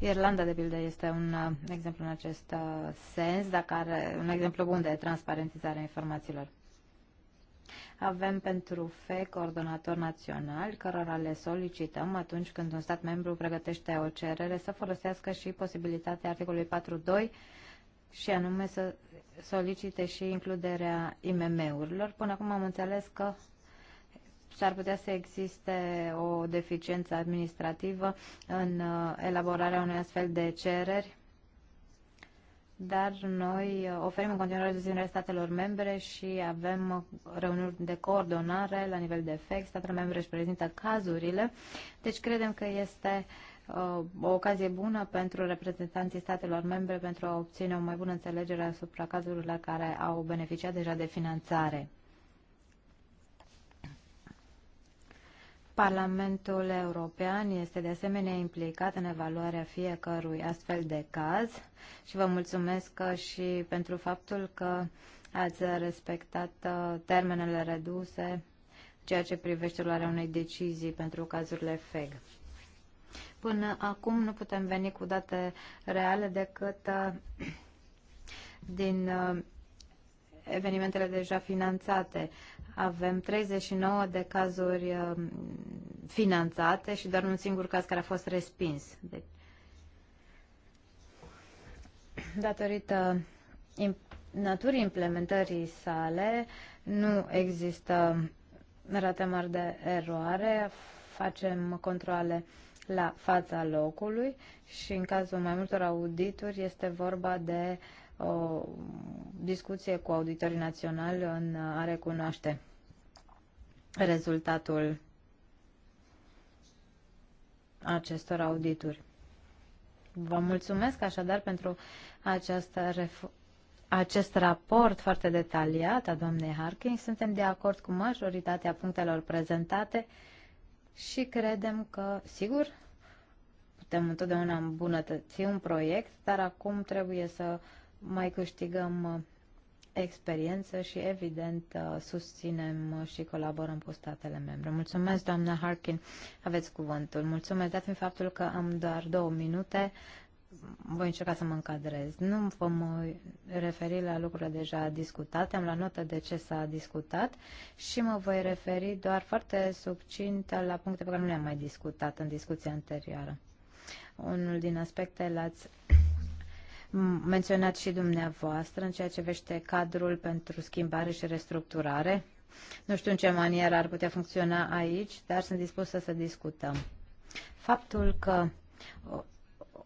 Irlanda, de pildă, este un uh, exemplu în acest uh, sens, dacă are un exemplu bun de transparentizare a informațiilor. Avem pentru FE coordonator național, cărora le solicităm atunci când un stat membru pregătește o cerere să folosească și posibilitatea articolului 4.2 și anume să solicite și includerea IMM-urilor. Până acum am înțeles că s-ar putea să existe o deficiență administrativă în uh, elaborarea unei astfel de cereri dar noi uh, oferim în continuare viziunea statelor membre și avem uh, reuniuni de coordonare la nivel de FEC, statele membre își prezintă cazurile, deci credem că este o ocazie bună pentru reprezentanții statelor membre pentru a obține o mai bună înțelegere asupra cazurilor la care au beneficiat deja de finanțare. Parlamentul European este de asemenea implicat în evaluarea fiecărui astfel de caz și vă mulțumesc și pentru faptul că ați respectat uh, termenele reduse ceea ce privește luarea unei decizii pentru cazurile FEG. Până acum nu putem veni cu date reale decât uh, din uh, evenimentele deja finanțate. Avem 39 de cazuri um, finanțate și doar un singur caz care a fost respins. Deci, datorită naturii implementării sale, nu există rate mari de eroare, facem controle la fața locului și în cazul mai multor audituri este vorba de uh, o discuție cu auditorii naționali în a recunoaște rezultatul acestor audituri. Vă mulțumesc așadar pentru această acest raport foarte detaliat a doamnei Harking. Suntem de acord cu majoritatea punctelor prezentate și credem că, sigur, putem întotdeauna îmbunătăți un proiect, dar acum trebuie să mai câștigăm uh, experiență și, evident, uh, susținem și colaborăm cu statele membre. Mulțumesc, doamna Harkin, aveți cuvântul. Mulțumesc, dat fiind faptul că am doar două minute, voi încerca să mă încadrez. Nu vom uh, referi la lucrurile deja discutate, am la notă de ce s-a discutat și mă voi referi doar foarte succint la puncte pe care nu le-am mai discutat în discuția anterioară. Unul din aspecte l-ați menționat și dumneavoastră în ceea ce vește cadrul pentru schimbare și restructurare. Nu știu în ce manieră ar putea funcționa aici, dar sunt dispusă să discutăm. Faptul că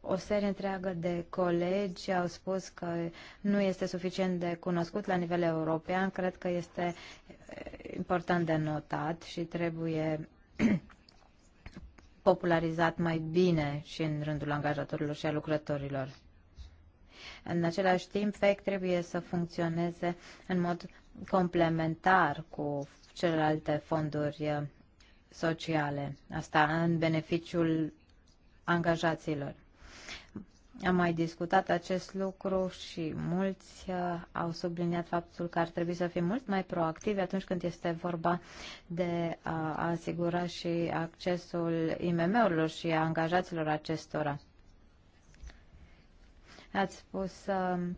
o serie întreagă de colegi au spus că nu este suficient de cunoscut la nivel european. Cred că este important de notat și trebuie popularizat mai bine și în rândul angajatorilor și a lucrătorilor. În același timp, FEC trebuie să funcționeze în mod complementar cu celelalte fonduri uh, sociale, asta în beneficiul angajaților. Am mai discutat acest lucru și mulți uh, au subliniat faptul că ar trebui să fim mult mai proactivi atunci când este vorba de a asigura și accesul IMM-urilor și a angajaților acestora. Ați spus um,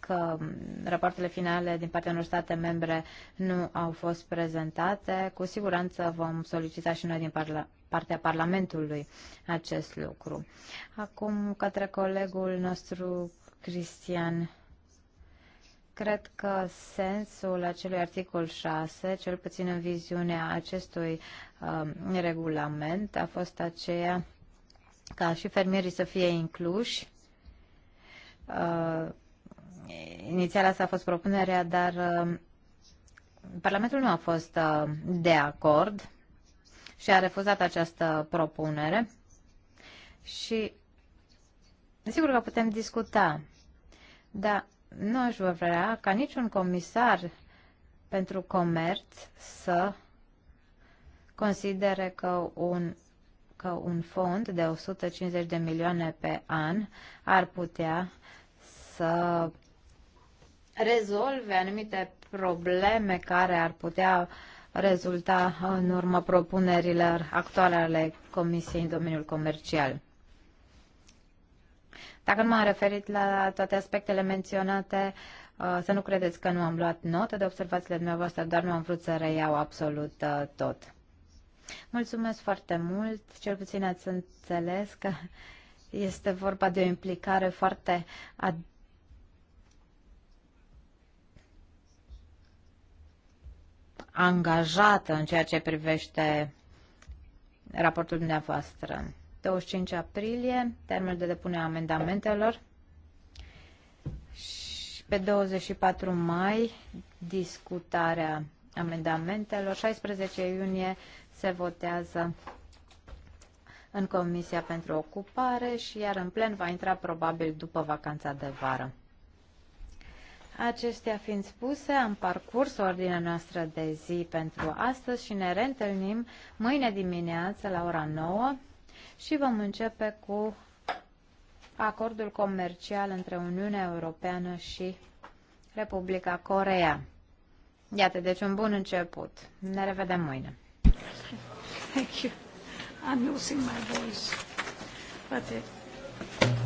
că rapoartele finale din partea unor state membre nu au fost prezentate. Cu siguranță vom solicita și noi din parla partea Parlamentului acest lucru. Acum către colegul nostru Cristian Cred că sensul acelui articol 6, cel puțin în viziunea acestui uh, regulament, a fost aceea ca și fermierii să fie incluși Uh, inițial asta a fost propunerea, dar uh, Parlamentul nu a fost uh, de acord și a refuzat această propunere. Și sigur că putem discuta, dar nu aș vrea ca niciun comisar pentru comerț să considere că un că un fond de 150 de milioane pe an ar putea să rezolve anumite probleme care ar putea rezulta în urma propunerilor actuale ale Comisiei în domeniul comercial. Dacă nu m-am referit la toate aspectele menționate, uh, să nu credeți că nu am luat notă de observațiile dumneavoastră, dar nu am vrut să reiau absolut uh, tot. Mulțumesc foarte mult, cel puțin ați înțeles că este vorba de o implicare foarte ad- angajată în ceea ce privește raportul dumneavoastră. 25 aprilie, termenul de depunere a amendamentelor și pe 24 mai discutarea amendamentelor, 16 iunie se votează în Comisia pentru Ocupare și iar în plen va intra probabil după vacanța de vară. Acestea fiind spuse, am parcurs ordinea noastră de zi pentru astăzi și ne reîntâlnim mâine dimineață la ora 9 și vom începe cu acordul comercial între Uniunea Europeană și Republica Corea. Iată, deci un bun început. Ne revedem mâine. Thank you. I'm losing my voice. But, uh,